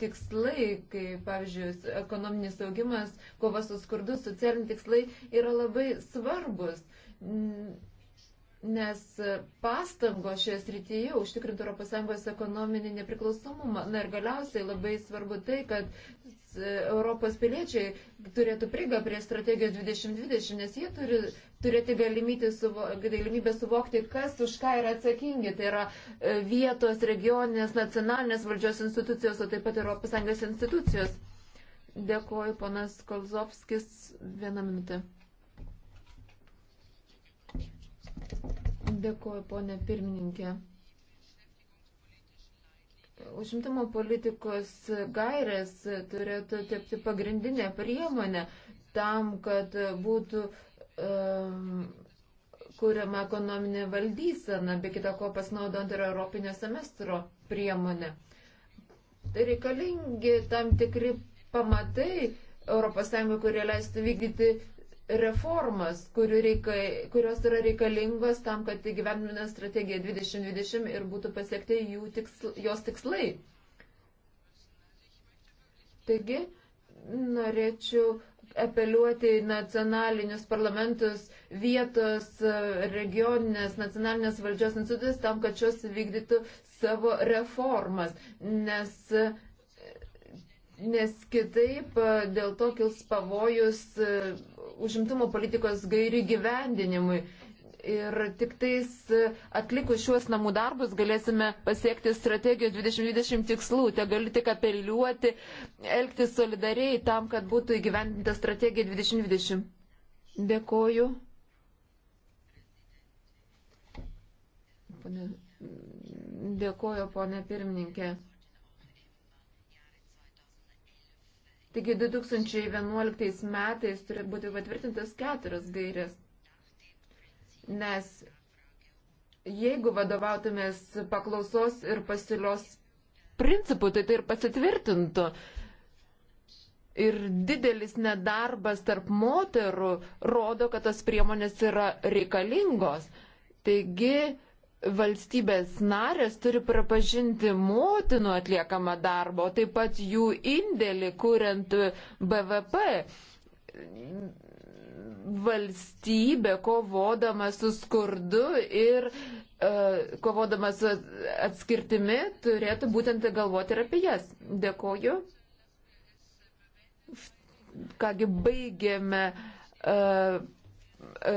tikslai, kaip pavyzdžiui, ekonominis augimas, kova su skurdu, socialiniai tikslai yra labai svarbus, nes pastangos šioje srityje užtikrintų ES ekonominį nepriklausomumą. Na ir galiausiai labai svarbu tai, kad Europos piliečiai turėtų prigą prie strategijos 2020, nes jie turi turėti galimybę, suvo, galimybę suvokti, kas už ką yra atsakingi. Tai yra e, vietos, regioninės, nacionalinės valdžios institucijos, o taip pat ES institucijos. Dėkuoju, ponas Kolzovskis, vieną minutę. Dėkuoju, ponė pirmininkė. Užimtumo politikos gairės turėtų tapti pagrindinė priemonė tam, kad būtų um, kuriama ekonominė valdysena, be kita ko pasinaudant ir Europinio semestro priemonę. Tai reikalingi tam tikri pamatai ES, kurie leistų vykdyti reformas, reika, kurios yra reikalingos tam, kad įgyvendinę strategiją 2020 ir būtų pasiekti tiksl, jos tikslai. Taigi, norėčiau apeliuoti į nacionalinius parlamentus, vietos, regioninės, nacionalinės valdžios institucijas tam, kad šios vykdytų savo reformas, nes, nes kitaip dėl to kils pavojus užimtumo politikos gairių gyvendinimui. Ir tik tais e, atlikus šiuos namų darbus galėsime pasiekti strategijos 2020 tikslų. Te gali tik apeliuoti, elgtis solidariai tam, kad būtų įgyvendinta strategija 2020. Dėkoju. Dėkoju, ponė pirmininkė. Taigi 2011 metais turi būti patvirtintas keturios gairės. Nes jeigu vadovautumės paklausos ir pasilios principų, tai tai ir pasitvirtintų. Ir didelis nedarbas tarp moterų rodo, kad tas priemonės yra reikalingos. Taigi, valstybės narės turi pripažinti motinų atliekamą darbą, o taip pat jų indėlį kuriant BVP. Valstybė kovodama su skurdu ir uh, kovodama su atskirtimi turėtų būtent galvoti ir apie jas. Dėkoju. Kągi baigėme. Uh, E,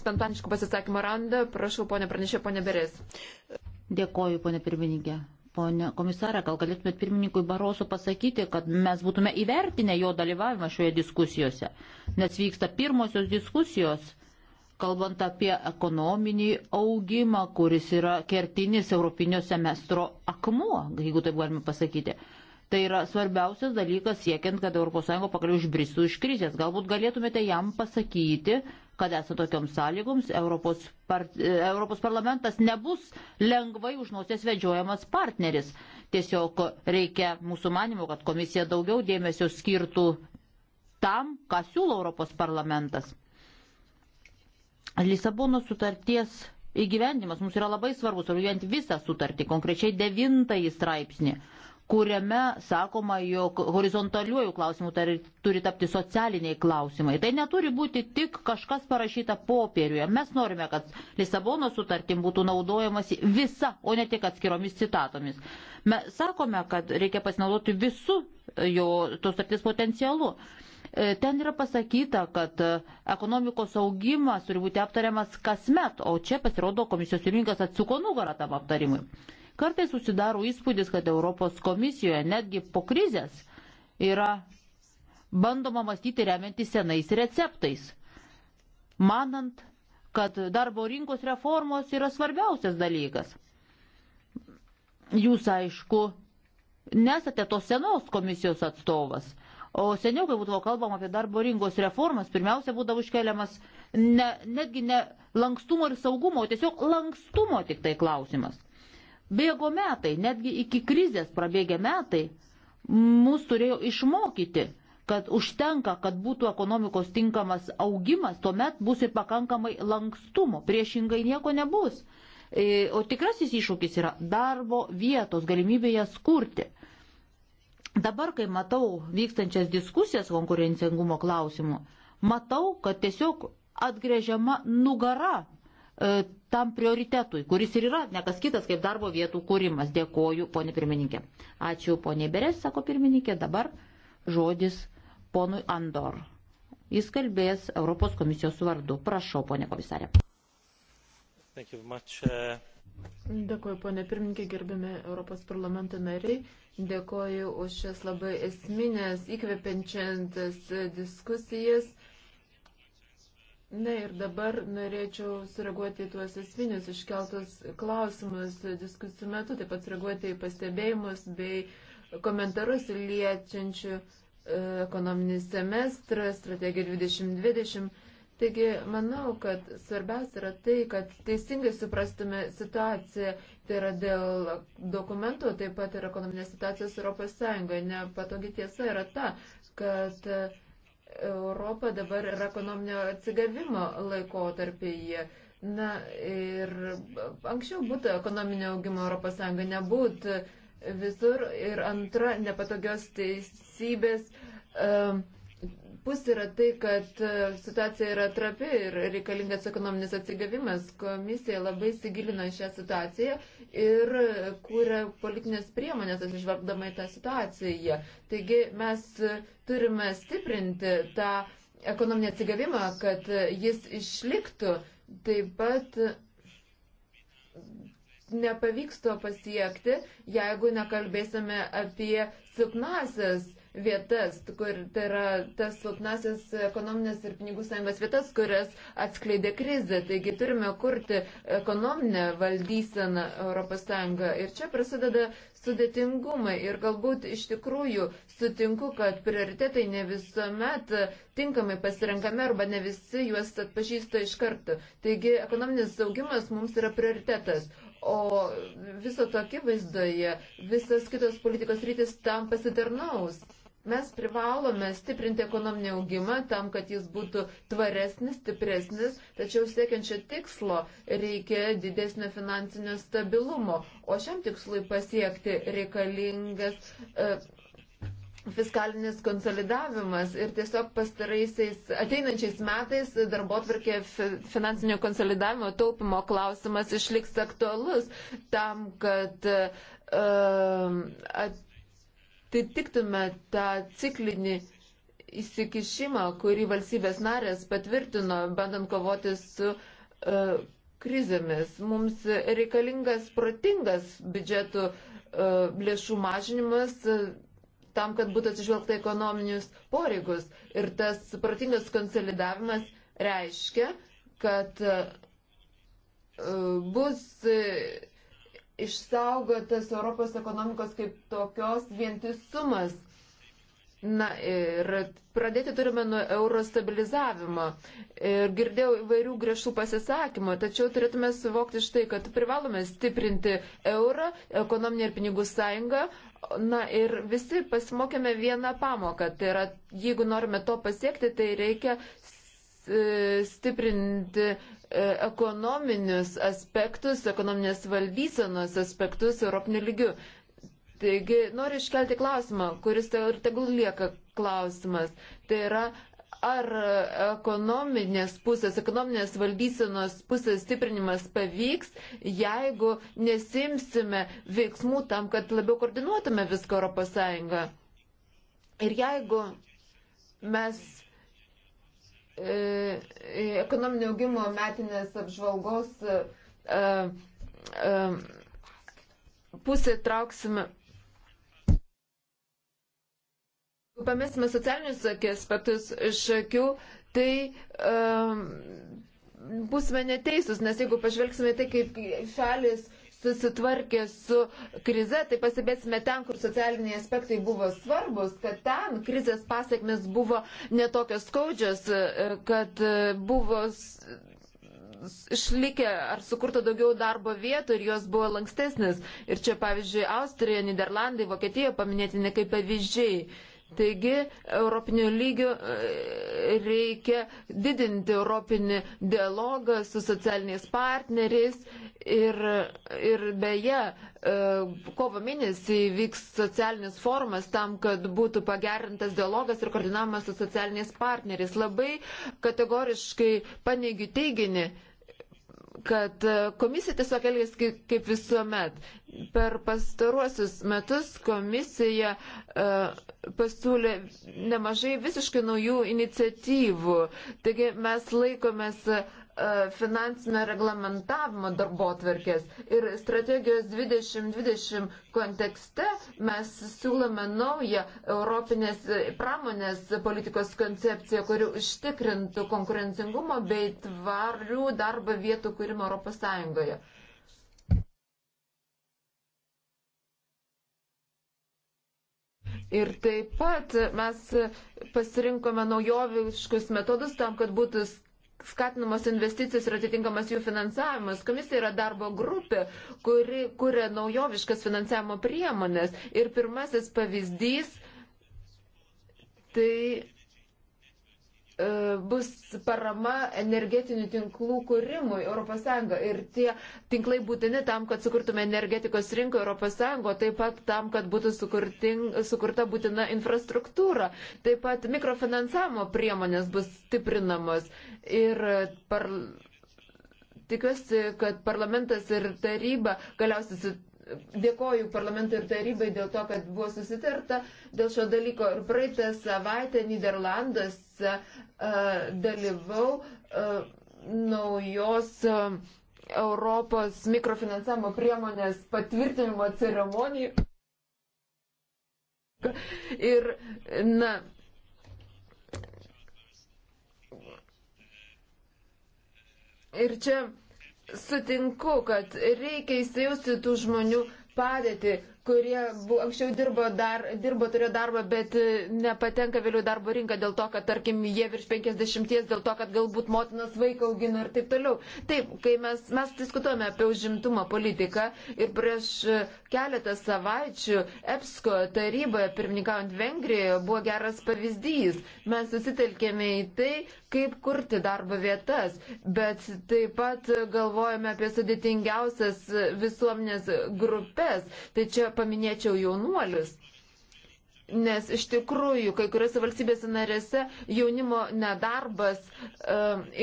spontaniškų pasisakymų randą. Prašau, ponė pranešė, ponė Berės. Dėkoju, ponė pirmininkė. Pone komisarė, gal galėtumėt pirmininkui Baroso pasakyti, kad mes būtume įvertinę jo dalyvavimą šioje diskusijose, nes vyksta pirmosios diskusijos, kalbant apie ekonominį augimą, kuris yra kertinis Europinio semestro akmuo, jeigu taip galime pasakyti. Tai yra svarbiausias dalykas siekiant, kad ES pagaliau išbristų iš krizės. Galbūt galėtumėte jam pasakyti, kad esant tokioms sąlygoms Europos, par, Europos parlamentas nebus lengvai už nosies vedžiojamas partneris. Tiesiog reikia mūsų manimo, kad komisija daugiau dėmesio skirtų tam, ką siūlo Europos parlamentas. Lisabono sutarties įgyvendimas mums yra labai svarbus, rūjant visą sutartį, konkrečiai devintąjį straipsnį kuriame sakoma, jog horizontaliuoju klausimu tai turi tapti socialiniai klausimai. Tai neturi būti tik kažkas parašyta popieriuje. Mes norime, kad Lisabono sutartim būtų naudojamasi visa, o ne tik atskiromis citatomis. Mes sakome, kad reikia pasinaudoti visų e, jo tos sutarties potencialu. E, ten yra pasakyta, kad e, ekonomikos augimas turi būti aptariamas kasmet, o čia pasirodo komisijos pirmininkas atsuko nugarą tam aptarimui. Kartai susidaro įspūdis, kad Europos komisijoje netgi po krizės yra bandoma mąstyti remiantis senais receptais, manant, kad darbo rinkos reformos yra svarbiausias dalykas. Jūs, aišku, nesate tos senos komisijos atstovas, o seniau, kai būdavo kalbama apie darbo rinkos reformas, pirmiausia būdavo iškeliamas ne, netgi ne lankstumo ir saugumo, tiesiog lankstumo tik tai klausimas. Bėgo metai, netgi iki krizės prabėgę metai, mus turėjo išmokyti, kad užtenka, kad būtų ekonomikos tinkamas augimas, tuomet bus ir pakankamai lankstumo, priešingai nieko nebus. E, o tikrasis iššūkis yra darbo vietos, galimybė jas kurti. Dabar, kai matau vykstančias diskusijas konkurencingumo klausimu, matau, kad tiesiog atgrėžiama nugara E, tam prioritetui, kuris ir yra nekas kitas kaip darbo vietų kūrimas. Dėkoju, ponė pirmininkė. Ačiū, ponė Beres, sako pirmininkė. Dabar žodis ponui Andor. Jis kalbės Europos komisijos vardu. Prašau, ponė komisarė. Uh, Dėkuoju, ponė pirmininkė, gerbiami Europos parlamento nariai. Dėkuoju už šias labai esminės, įkvepiančiantas diskusijas Na ir dabar norėčiau sureaguoti į tuos esminius iškeltus klausimus diskusijų metu, taip pat sureaguoti į pastebėjimus bei komentarus liečiančių e, ekonominis semestras, strategija 2020. Taigi, manau, kad svarbiausia yra tai, kad teisingai suprastume situaciją, tai yra dėl dokumentų, taip pat ir ekonominės situacijos Europos Sąjungoje. Nepatogi tiesa yra ta, kad e, Europa dabar yra ekonominio atsigavimo laikotarpyje. Na ir anksčiau būtų ekonominio augimo ES nebūtų visur ir antra nepatogios teisybės. Uh, pusė yra tai, kad e, situacija yra trapi ir reikalingas ekonominis atsigavimas. Komisija labai įsigilino į šią situaciją ir kūrė politinės priemonės atsižvelgdama į tą situaciją. Taigi mes turime stiprinti tą ekonominį atsigavimą, kad jis išliktų. Taip pat nepavyks to pasiekti, jeigu nekalbėsime apie silpnasias vietas, kur tai yra tas silpnasis ekonominės ir pinigų sąjungos vietas, kurias atskleidė krizė. Taigi turime kurti ekonominę valdyseną ES. Ir čia prasideda sudėtingumai. Ir galbūt iš tikrųjų sutinku, kad prioritetai ne visuomet tinkamai pasirenkami arba ne visi juos atpažįsta iš karto. Taigi ekonominis augimas mums yra prioritetas. O viso tokia vaizdoje visas kitos politikos rytis tam pasitarnaus. Mes privalome stiprinti ekonominį augimą tam, kad jis būtų tvaresnis, stipresnis, tačiau siekiančio tikslo reikia didesnio finansinio stabilumo, o šiam tikslui pasiekti reikalingas e, fiskalinis konsolidavimas ir tiesiog pastaraisiais ateinančiais metais darbo tvarkė finansinio konsolidavimo taupimo klausimas išliks aktualus tam, kad e, at, tai tiktume tą ciklinį įsikišimą, kurį valstybės narės patvirtino, bandant kovoti su uh, krizėmis. Mums reikalingas protingas biudžetų uh, lėšų mažinimas. Uh, tam, kad būtų atsižvelgta ekonominius poreigus. Ir tas protingas konsolidavimas reiškia, kad uh, bus uh, išsaugotas Europos ekonomikos kaip tokios vientisumas. Na ir pradėti turime nuo euro stabilizavimo. Ir girdėjau įvairių griežtų pasisakymų, tačiau turėtume suvokti štai, kad privalome stiprinti eurą, ekonominę ir pinigų sąjungą. Na ir visi pasimokėme vieną pamoką. Tai yra, jeigu norime to pasiekti, tai reikia stiprinti e, ekonominius aspektus, ekonominės valdysenos aspektus Europinių lygių. Taigi noriu iškelti klausimą, kuris tegul lieka klausimas. Tai yra, ar ekonominės pusės, ekonominės valdysenos pusės stiprinimas pavyks, jeigu nesimsime veiksmų tam, kad labiau koordinuotume viską Europos Sąjungą. Ir jeigu mes E, e, ekonominio augimo metinės apžvalgos e, pusė trauksime. Pamėsime socialinius aspektus iš akių, tai um, būsime neteisūs, nes jeigu pažvelgsime tai, kaip šalis uh, susitvarkė su krize, tai pasibėsime ten, kur socialiniai aspektai buvo svarbus, kad ten krizės pasiekmes buvo netokios skaudžios, kad buvo išlikę ar sukurta daugiau darbo vietų ir jos buvo lankstesnės. Ir čia, pavyzdžiui, Austrija, Niderlandai, Vokietija paminėtini kaip pavyzdžiai. Taigi, europinio lygio e, reikia didinti europinį dialogą su socialiniais partneriais ir, ir beje, e, kovo mėnesį vyks socialinis formas tam, kad būtų pagerintas dialogas ir koordinavimas su socialiniais partneriais. Labai kategoriškai paneigiu teiginį kad e, komisija tiesiog elgėsi kaip visuomet. Per pastaruosius metus komisija e, pasiūlė nemažai visiškai naujų iniciatyvų. Taigi mes laikomės E, finansinio reglamentavimo darbo atverkės. Ir strategijos 2020 kontekste mes siūlome naują Europinės pramonės politikos koncepciją, kuri užtikrintų konkurencingumo bei tvarių darbo vietų kūrimą Europos Sąjungoje. Ir taip pat mes pasirinkome naujoviškus metodus tam, kad būtų skatinamos investicijos ir atitinkamas jų finansavimas. Komisija yra darbo grupė, kuri kuria naujoviškas finansavimo priemonės. Ir pirmasis pavyzdys tai E, bus parama energetinių tinklų kūrimui ES ir tie tinklai būtini tam, kad sukurtume energetikos rinką ES, taip pat tam, kad būtų sukurtin, sukurta būtina infrastruktūra, taip pat mikrofinansavimo priemonės bus stiprinamos ir par... tikiuosi, kad parlamentas ir taryba galiausiai dėkoju parlamentui ir tarybai dėl to, kad buvo susitarta dėl šio dalyko. Ir praeitą savaitę Niderlanduose dalyvau naujos Europos mikrofinansavimo priemonės patvirtinimo ceremonijų. Ir, na, ir čia sutinku, kad reikia įsijausti tų žmonių padėti, kurie bu, anksčiau dirbo, dar, dirbo, turėjo darbą, bet e, nepatenka vėliau darbo rinką dėl to, kad, tarkim, jie virš 50, dėl to, kad galbūt motinas vaiką augino ir taip toliau. Taip, kai mes, mes diskutuojame apie užimtumo politiką ir prieš e, keletą savaičių EPSCO taryboje, pirmininkaujant Vengrijoje, buvo geras pavyzdys. Mes susitelkėme į tai, kaip kurti darbo vietas, bet taip pat galvojame apie sudėtingiausias visuomenės grupės. Tai čia paminėčiau jaunuolius nes iš tikrųjų kai kuriuose valstybėse narėse jaunimo nedarbas e,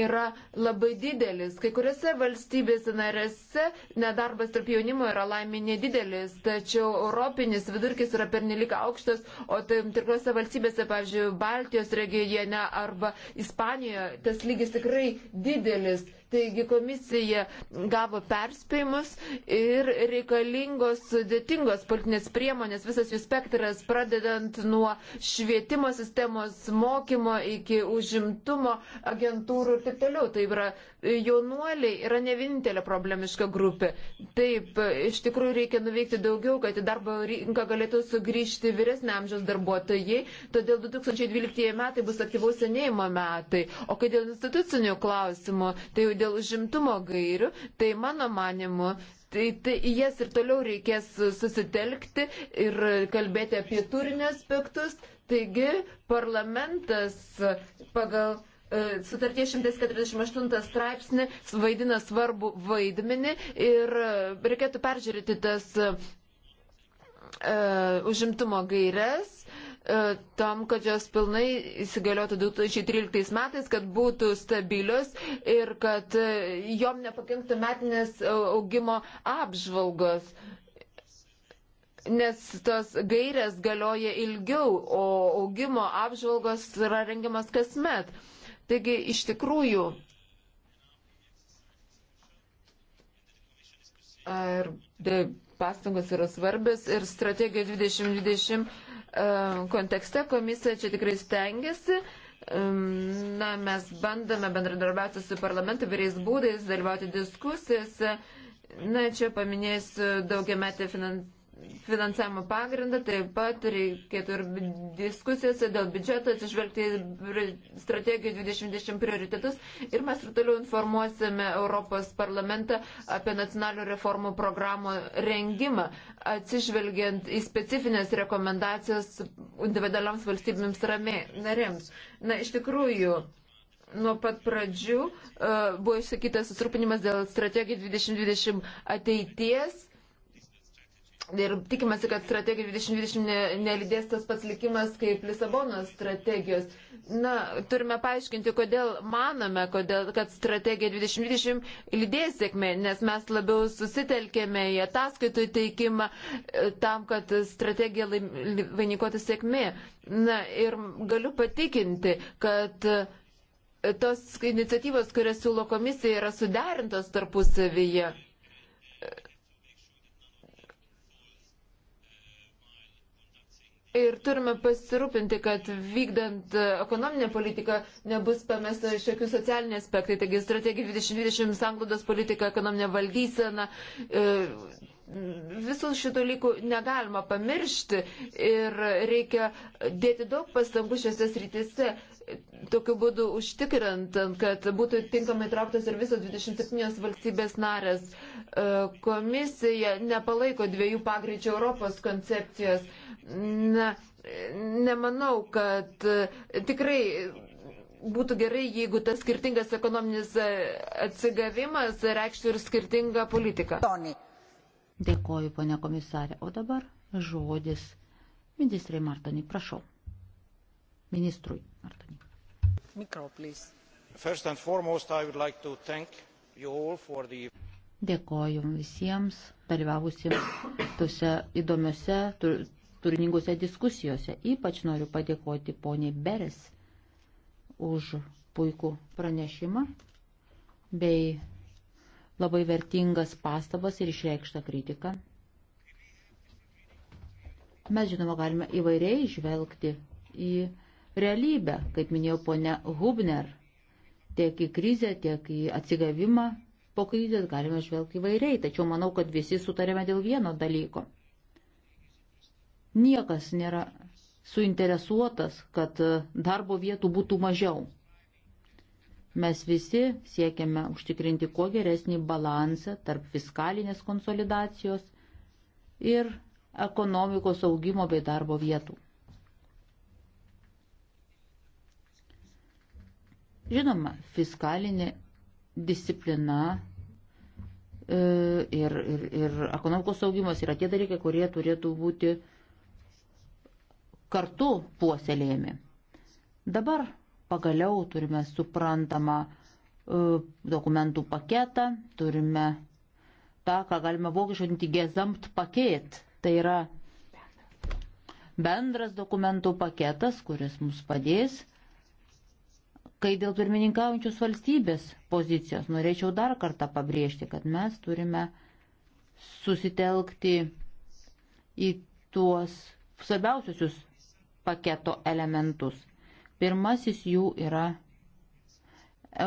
yra labai didelis. Kai kuriuose valstybėse narėse nedarbas tarp jaunimo yra laimė nedidelis, tačiau europinis vidurkis yra pernelik aukštas, o tam tikrose valstybėse, pavyzdžiui, Baltijos regione arba Ispanijoje tas lygis tikrai didelis. Taigi komisija gavo perspėjimus ir reikalingos sudėtingos politinės priemonės, visas jų spektras, pradedant nuo švietimo sistemos, mokymo iki užimtumo agentūrų ir taip toliau. Tai yra jaunuoliai yra ne vienintelė problemiška grupė. Taip, iš tikrųjų reikia nuveikti daugiau, kad į darbo rinką galėtų sugrįžti vyresnė amžiaus darbuotojai, todėl 2012 metai bus aktyvaus senėjimo metai. O kai dėl institucinių klausimų, tai jau dėl žimtumo gairių, tai mano manimu, tai, tai į jas ir toliau reikės susitelkti ir kalbėti apie turinio aspektus. Taigi parlamentas pagal e, sutarties 148 straipsnį vaidina svarbu vaidmenį ir reikėtų peržiūrėti tas e, užimtumo gairias. E, E, tam, kad jos pilnai įsigaliotų 2013 metais, kad būtų stabilios ir kad e, jom nepakenktų metinės augimo apžvalgos. Nes tos gairės galioja ilgiau, o augimo apžvalgos yra rengiamas kasmet. Taigi iš tikrųjų. Ar e, pastangos yra svarbės ir strategija 2020 E, kontekste komisija čia tikrai stengiasi. Na, mes bandome bendradarbiauti su parlamentu vairiais būdais, dalyvauti diskusijose. Na, čia paminėsiu daugiametį finansavimą finansavimo pagrindą, taip pat reikėtų ir diskusijose dėl biudžeto atsižvelgti strategijų 2020 prioritetus ir mes ir toliau informuosime Europos parlamentą apie nacionalių reformų programų rengimą, atsižvelgiant į specifines rekomendacijas individualiams valstybėms narėms. Na, iš tikrųjų, nuo pat pradžių uh, buvo išsakytas susirūpinimas dėl strategijų 2020 ateities Ir tikimasi, kad strategija 2020 nelidės tas pats likimas kaip Lisabonos strategijos. Na, turime paaiškinti, kodėl manome, kodėl, kad strategija 2020 lydės sėkmė, nes mes labiau susitelkėme į ataskaitų teikimą e, tam, kad strategija vainikuotų sėkmė. Na, ir galiu patikinti, kad e, tos iniciatyvos, kurias siūlo komisija, yra suderintos tarpusavyje. Ir turime pasirūpinti, kad vykdant ekonominę politiką nebus pamesta šiokių socialinių aspektai. Taigi strategija 2020, sanglaudos politika, ekonominė valdysena. E, visų šių dalykų negalima pamiršti ir reikia dėti daug pastangų šiose srityse tokiu būdu užtikrintant, kad būtų tinkamai trauktas ir visos 27 valstybės narės. E, komisija nepalaiko dviejų pagreičių Europos koncepcijos. Na, nemanau, kad e, tikrai būtų gerai, jeigu tas skirtingas ekonominis e, atsigavimas reikštų ir skirtingą politiką. Tony. Dėkoju, ponia komisarė. O dabar žodis. Ministrai Martoni, prašau ministrui Martoniui. Mikro, please. First and foremost, I would like to thank you all for the Dėkoju visiems dalyvavusiems tose įdomiose, tur, turiningose diskusijose. Ypač noriu padėkoti poniai Beres už puikų pranešimą bei labai vertingas pastabas ir išreikštą kritiką. Mes, žinoma, galime įvairiai žvelgti į realybę, kaip minėjo ponia Hubner. Tiek į krizę, tiek į atsigavimą po krizės galime žvelgti įvairiai, tačiau manau, kad visi sutarėme dėl vieno dalyko. Niekas nėra suinteresuotas, kad darbo vietų būtų mažiau. Mes visi siekiame užtikrinti kuo geresnį balansą tarp fiskalinės konsolidacijos ir ekonomikos augimo bei darbo vietų. Žinoma, fiskalinė disciplina e, ir, ir, ir ekonomikos saugimas yra tie dalykai, kurie turėtų būti kartu puoselėjami. Dabar pagaliau turime suprantamą e, dokumentų paketą, turime tą, ką galime vokiškai vadinti gezamt paket. Tai yra bendras dokumentų paketas, kuris mums padės Kai dėl pirmininkaujančios valstybės pozicijos norėčiau dar kartą pabrėžti, kad mes turime susitelkti į tuos svarbiausius paketo elementus. Pirmasis jų yra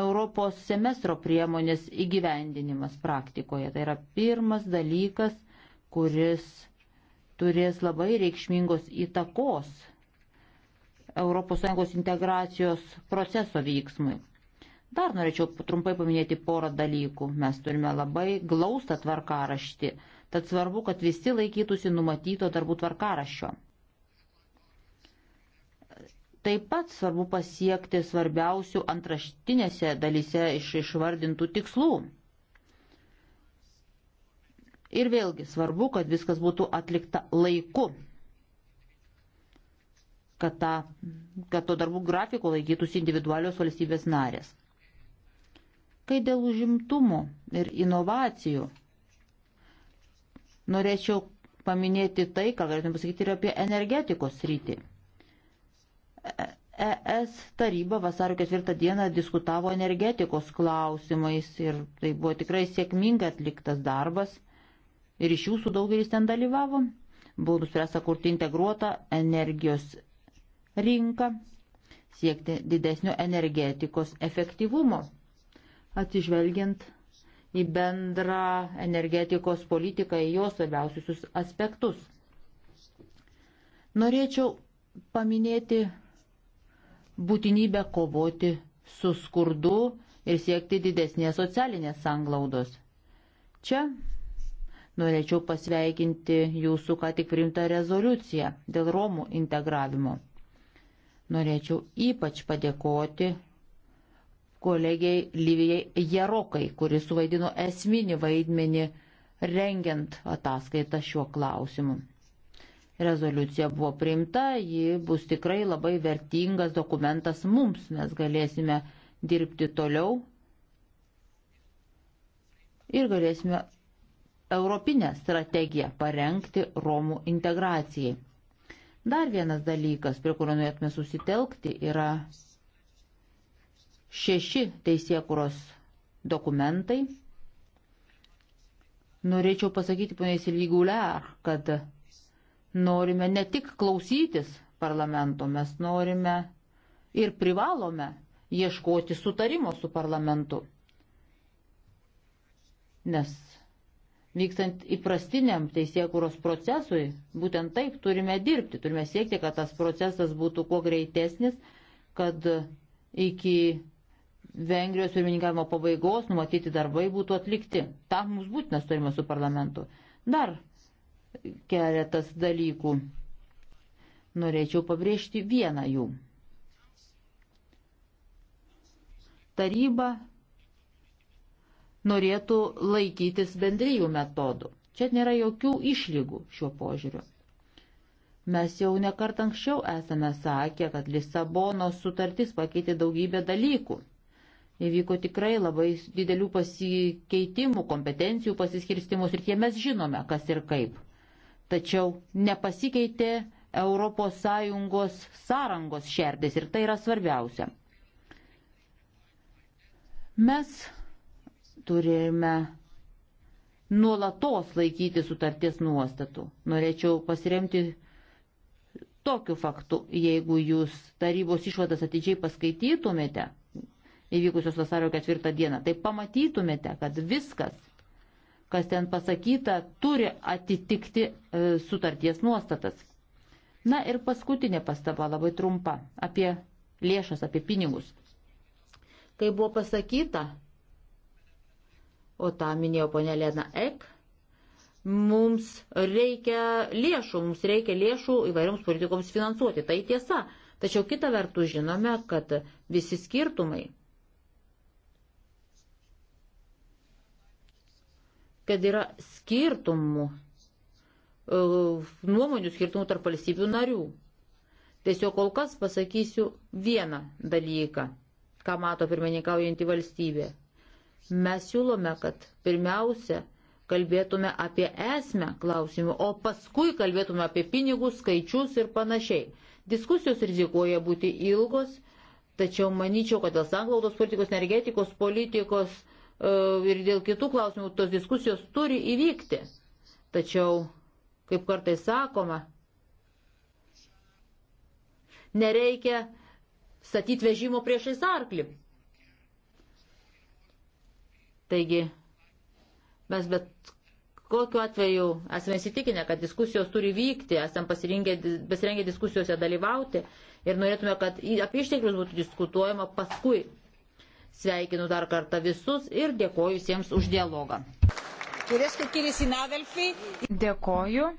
Europos semestro priemonės įgyvendinimas praktikoje. Tai yra pirmas dalykas, kuris turės labai reikšmingos įtakos ES integracijos proceso vyksmui. Dar norėčiau trumpai paminėti porą dalykų. Mes turime labai glaustą tvarkaraštį, tad svarbu, kad visi laikytųsi numatyto darbų tvarkaraščio. Taip pat svarbu pasiekti svarbiausių antraštinėse dalyse iš išvardintų tikslų. Ir vėlgi svarbu, kad viskas būtų atlikta laiku, kad, ta, kad to darbų grafiko laikytųsi individualios valstybės narės. Kai dėl užimtumo ir inovacijų, norėčiau paminėti tai, ką galėtume pasakyti ir apie energetikos rytį. ES e taryba vasario ketvirtą dieną diskutavo energetikos klausimais ir tai buvo tikrai sėkmingai atliktas darbas ir iš jūsų daugelis ten dalyvavo. Buvo nuspręsta kurti integruotą energijos rinką, siekti didesnio energetikos efektyvumo, atsižvelgiant į bendrą energetikos politiką, į jos svarbiausius aspektus. Norėčiau paminėti būtinybę kovoti su skurdu ir siekti didesnės socialinės sanglaudos. Čia norėčiau pasveikinti jūsų ką tik priimtą rezoliuciją dėl Romų integravimo. Norėčiau ypač padėkoti kolegiai Lyvijai Jarokai, kuris suvaidino esminį vaidmenį rengiant ataskaitą šiuo klausimu. Rezoliucija buvo priimta, ji bus tikrai labai vertingas dokumentas mums, mes galėsime dirbti toliau ir galėsime europinę strategiją parengti Romų integracijai. Dar vienas dalykas, prie kurio norėtume susitelkti, yra šeši teisėkuros dokumentai. Norėčiau pasakyti, ponia Silviguliar, kad norime ne tik klausytis parlamento, mes norime ir privalome ieškoti sutarimo su parlamentu. Nes Vykstant įprastiniam teisėkūros procesui, būtent taip turime dirbti, turime siekti, kad tas procesas būtų kuo greitesnis, kad iki Vengrijos pirmininkavimo pabaigos numatyti darbai būtų atlikti. Tam mums būtinas turime su parlamentu. Dar keletas dalykų. Norėčiau pabrėžti vieną jų. Taryba norėtų laikytis bendryjų metodų. Čia nėra jokių išlygų šiuo požiūriu. Mes jau nekart anksčiau esame sakę, kad Lisabonos sutartis pakeitė daugybę dalykų. Įvyko tikrai labai didelių pasikeitimų, kompetencijų pasiskirstimus ir tie mes žinome, kas ir kaip. Tačiau nepasikeitė ES sąrangos šerdės ir tai yra svarbiausia. Mes turime nuolatos laikyti sutarties nuostatų. Norėčiau pasiremti tokiu faktu, jeigu jūs tarybos išvadas atidžiai paskaitytumėte įvykusios vasario ketvirtą dieną, tai pamatytumėte, kad viskas, kas ten pasakyta, turi atitikti e, sutarties nuostatas. Na ir paskutinė pastaba labai trumpa apie lėšas, apie pinigus. Kai buvo pasakyta, o tą minėjo ponė Lena Ek, mums reikia lėšų, mums reikia lėšų įvairioms politikoms finansuoti. Tai tiesa. Tačiau kita vertus žinome, kad visi skirtumai, kad yra skirtumų, e, nuomonių skirtumų tarp valstybių narių. Tiesiog kol kas pasakysiu vieną dalyką, ką mato pirmininkaujantį valstybę. Mes siūlome, kad pirmiausia kalbėtume apie esmę klausimų, o paskui kalbėtume apie pinigus, skaičius ir panašiai. Diskusijos rizikuoja būti ilgos, tačiau manyčiau, kad dėl sanglaudos politikos, energetikos politikos e, ir dėl kitų klausimų tos diskusijos turi įvykti. Tačiau, kaip kartai sakoma, nereikia statyti vežimo priešais arklį. Taigi mes bet kokiu atveju esame įsitikinę, kad diskusijos turi vykti, esame pasirengę diskusijose dalyvauti ir norėtume, kad apie išteklius būtų diskutuojama paskui. Sveikinu dar kartą visus ir dėkoju visiems už dialogą. Dėkoju.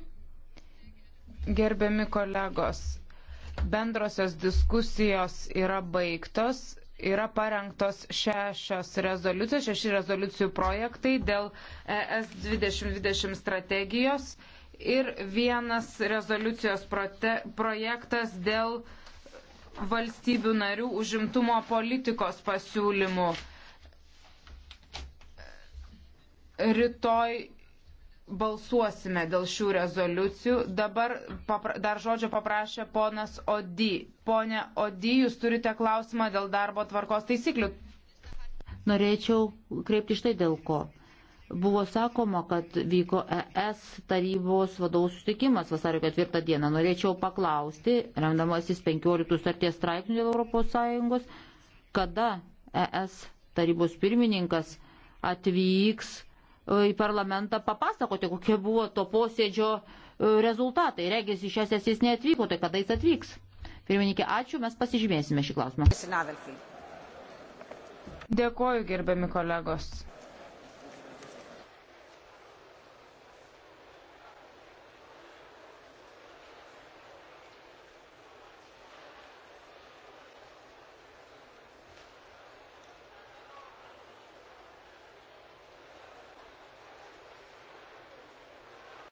Gerbiami kolegos, bendrosios diskusijos yra baigtos yra parengtos šešios rezoliucijos, šeši rezoliucijų projektai dėl ES 2020 strategijos ir vienas rezoliucijos prote, projektas dėl valstybių narių užimtumo politikos pasiūlymų. Rytoj balsuosime dėl šių rezoliucijų. Dabar papra, dar žodžio paprašė ponas Odi. Pone Odi, jūs turite klausimą dėl darbo tvarkos taisyklių. Norėčiau kreipti štai dėl ko. Buvo sakoma, kad vyko ES tarybos vadovų sustikimas vasario 4 dieną. Norėčiau paklausti, remdamasis 15 starties straipsnių dėl ES, kada ES tarybos pirmininkas atvyks E, į parlamentą papasakoti, kokie buvo to posėdžio e, rezultatai. Regis iš šias jis neatvyko, tai kada jis atvyks? Pirmininkė, ačiū, mes pasižymėsime šį klausimą. Dėkoju, gerbiami kolegos.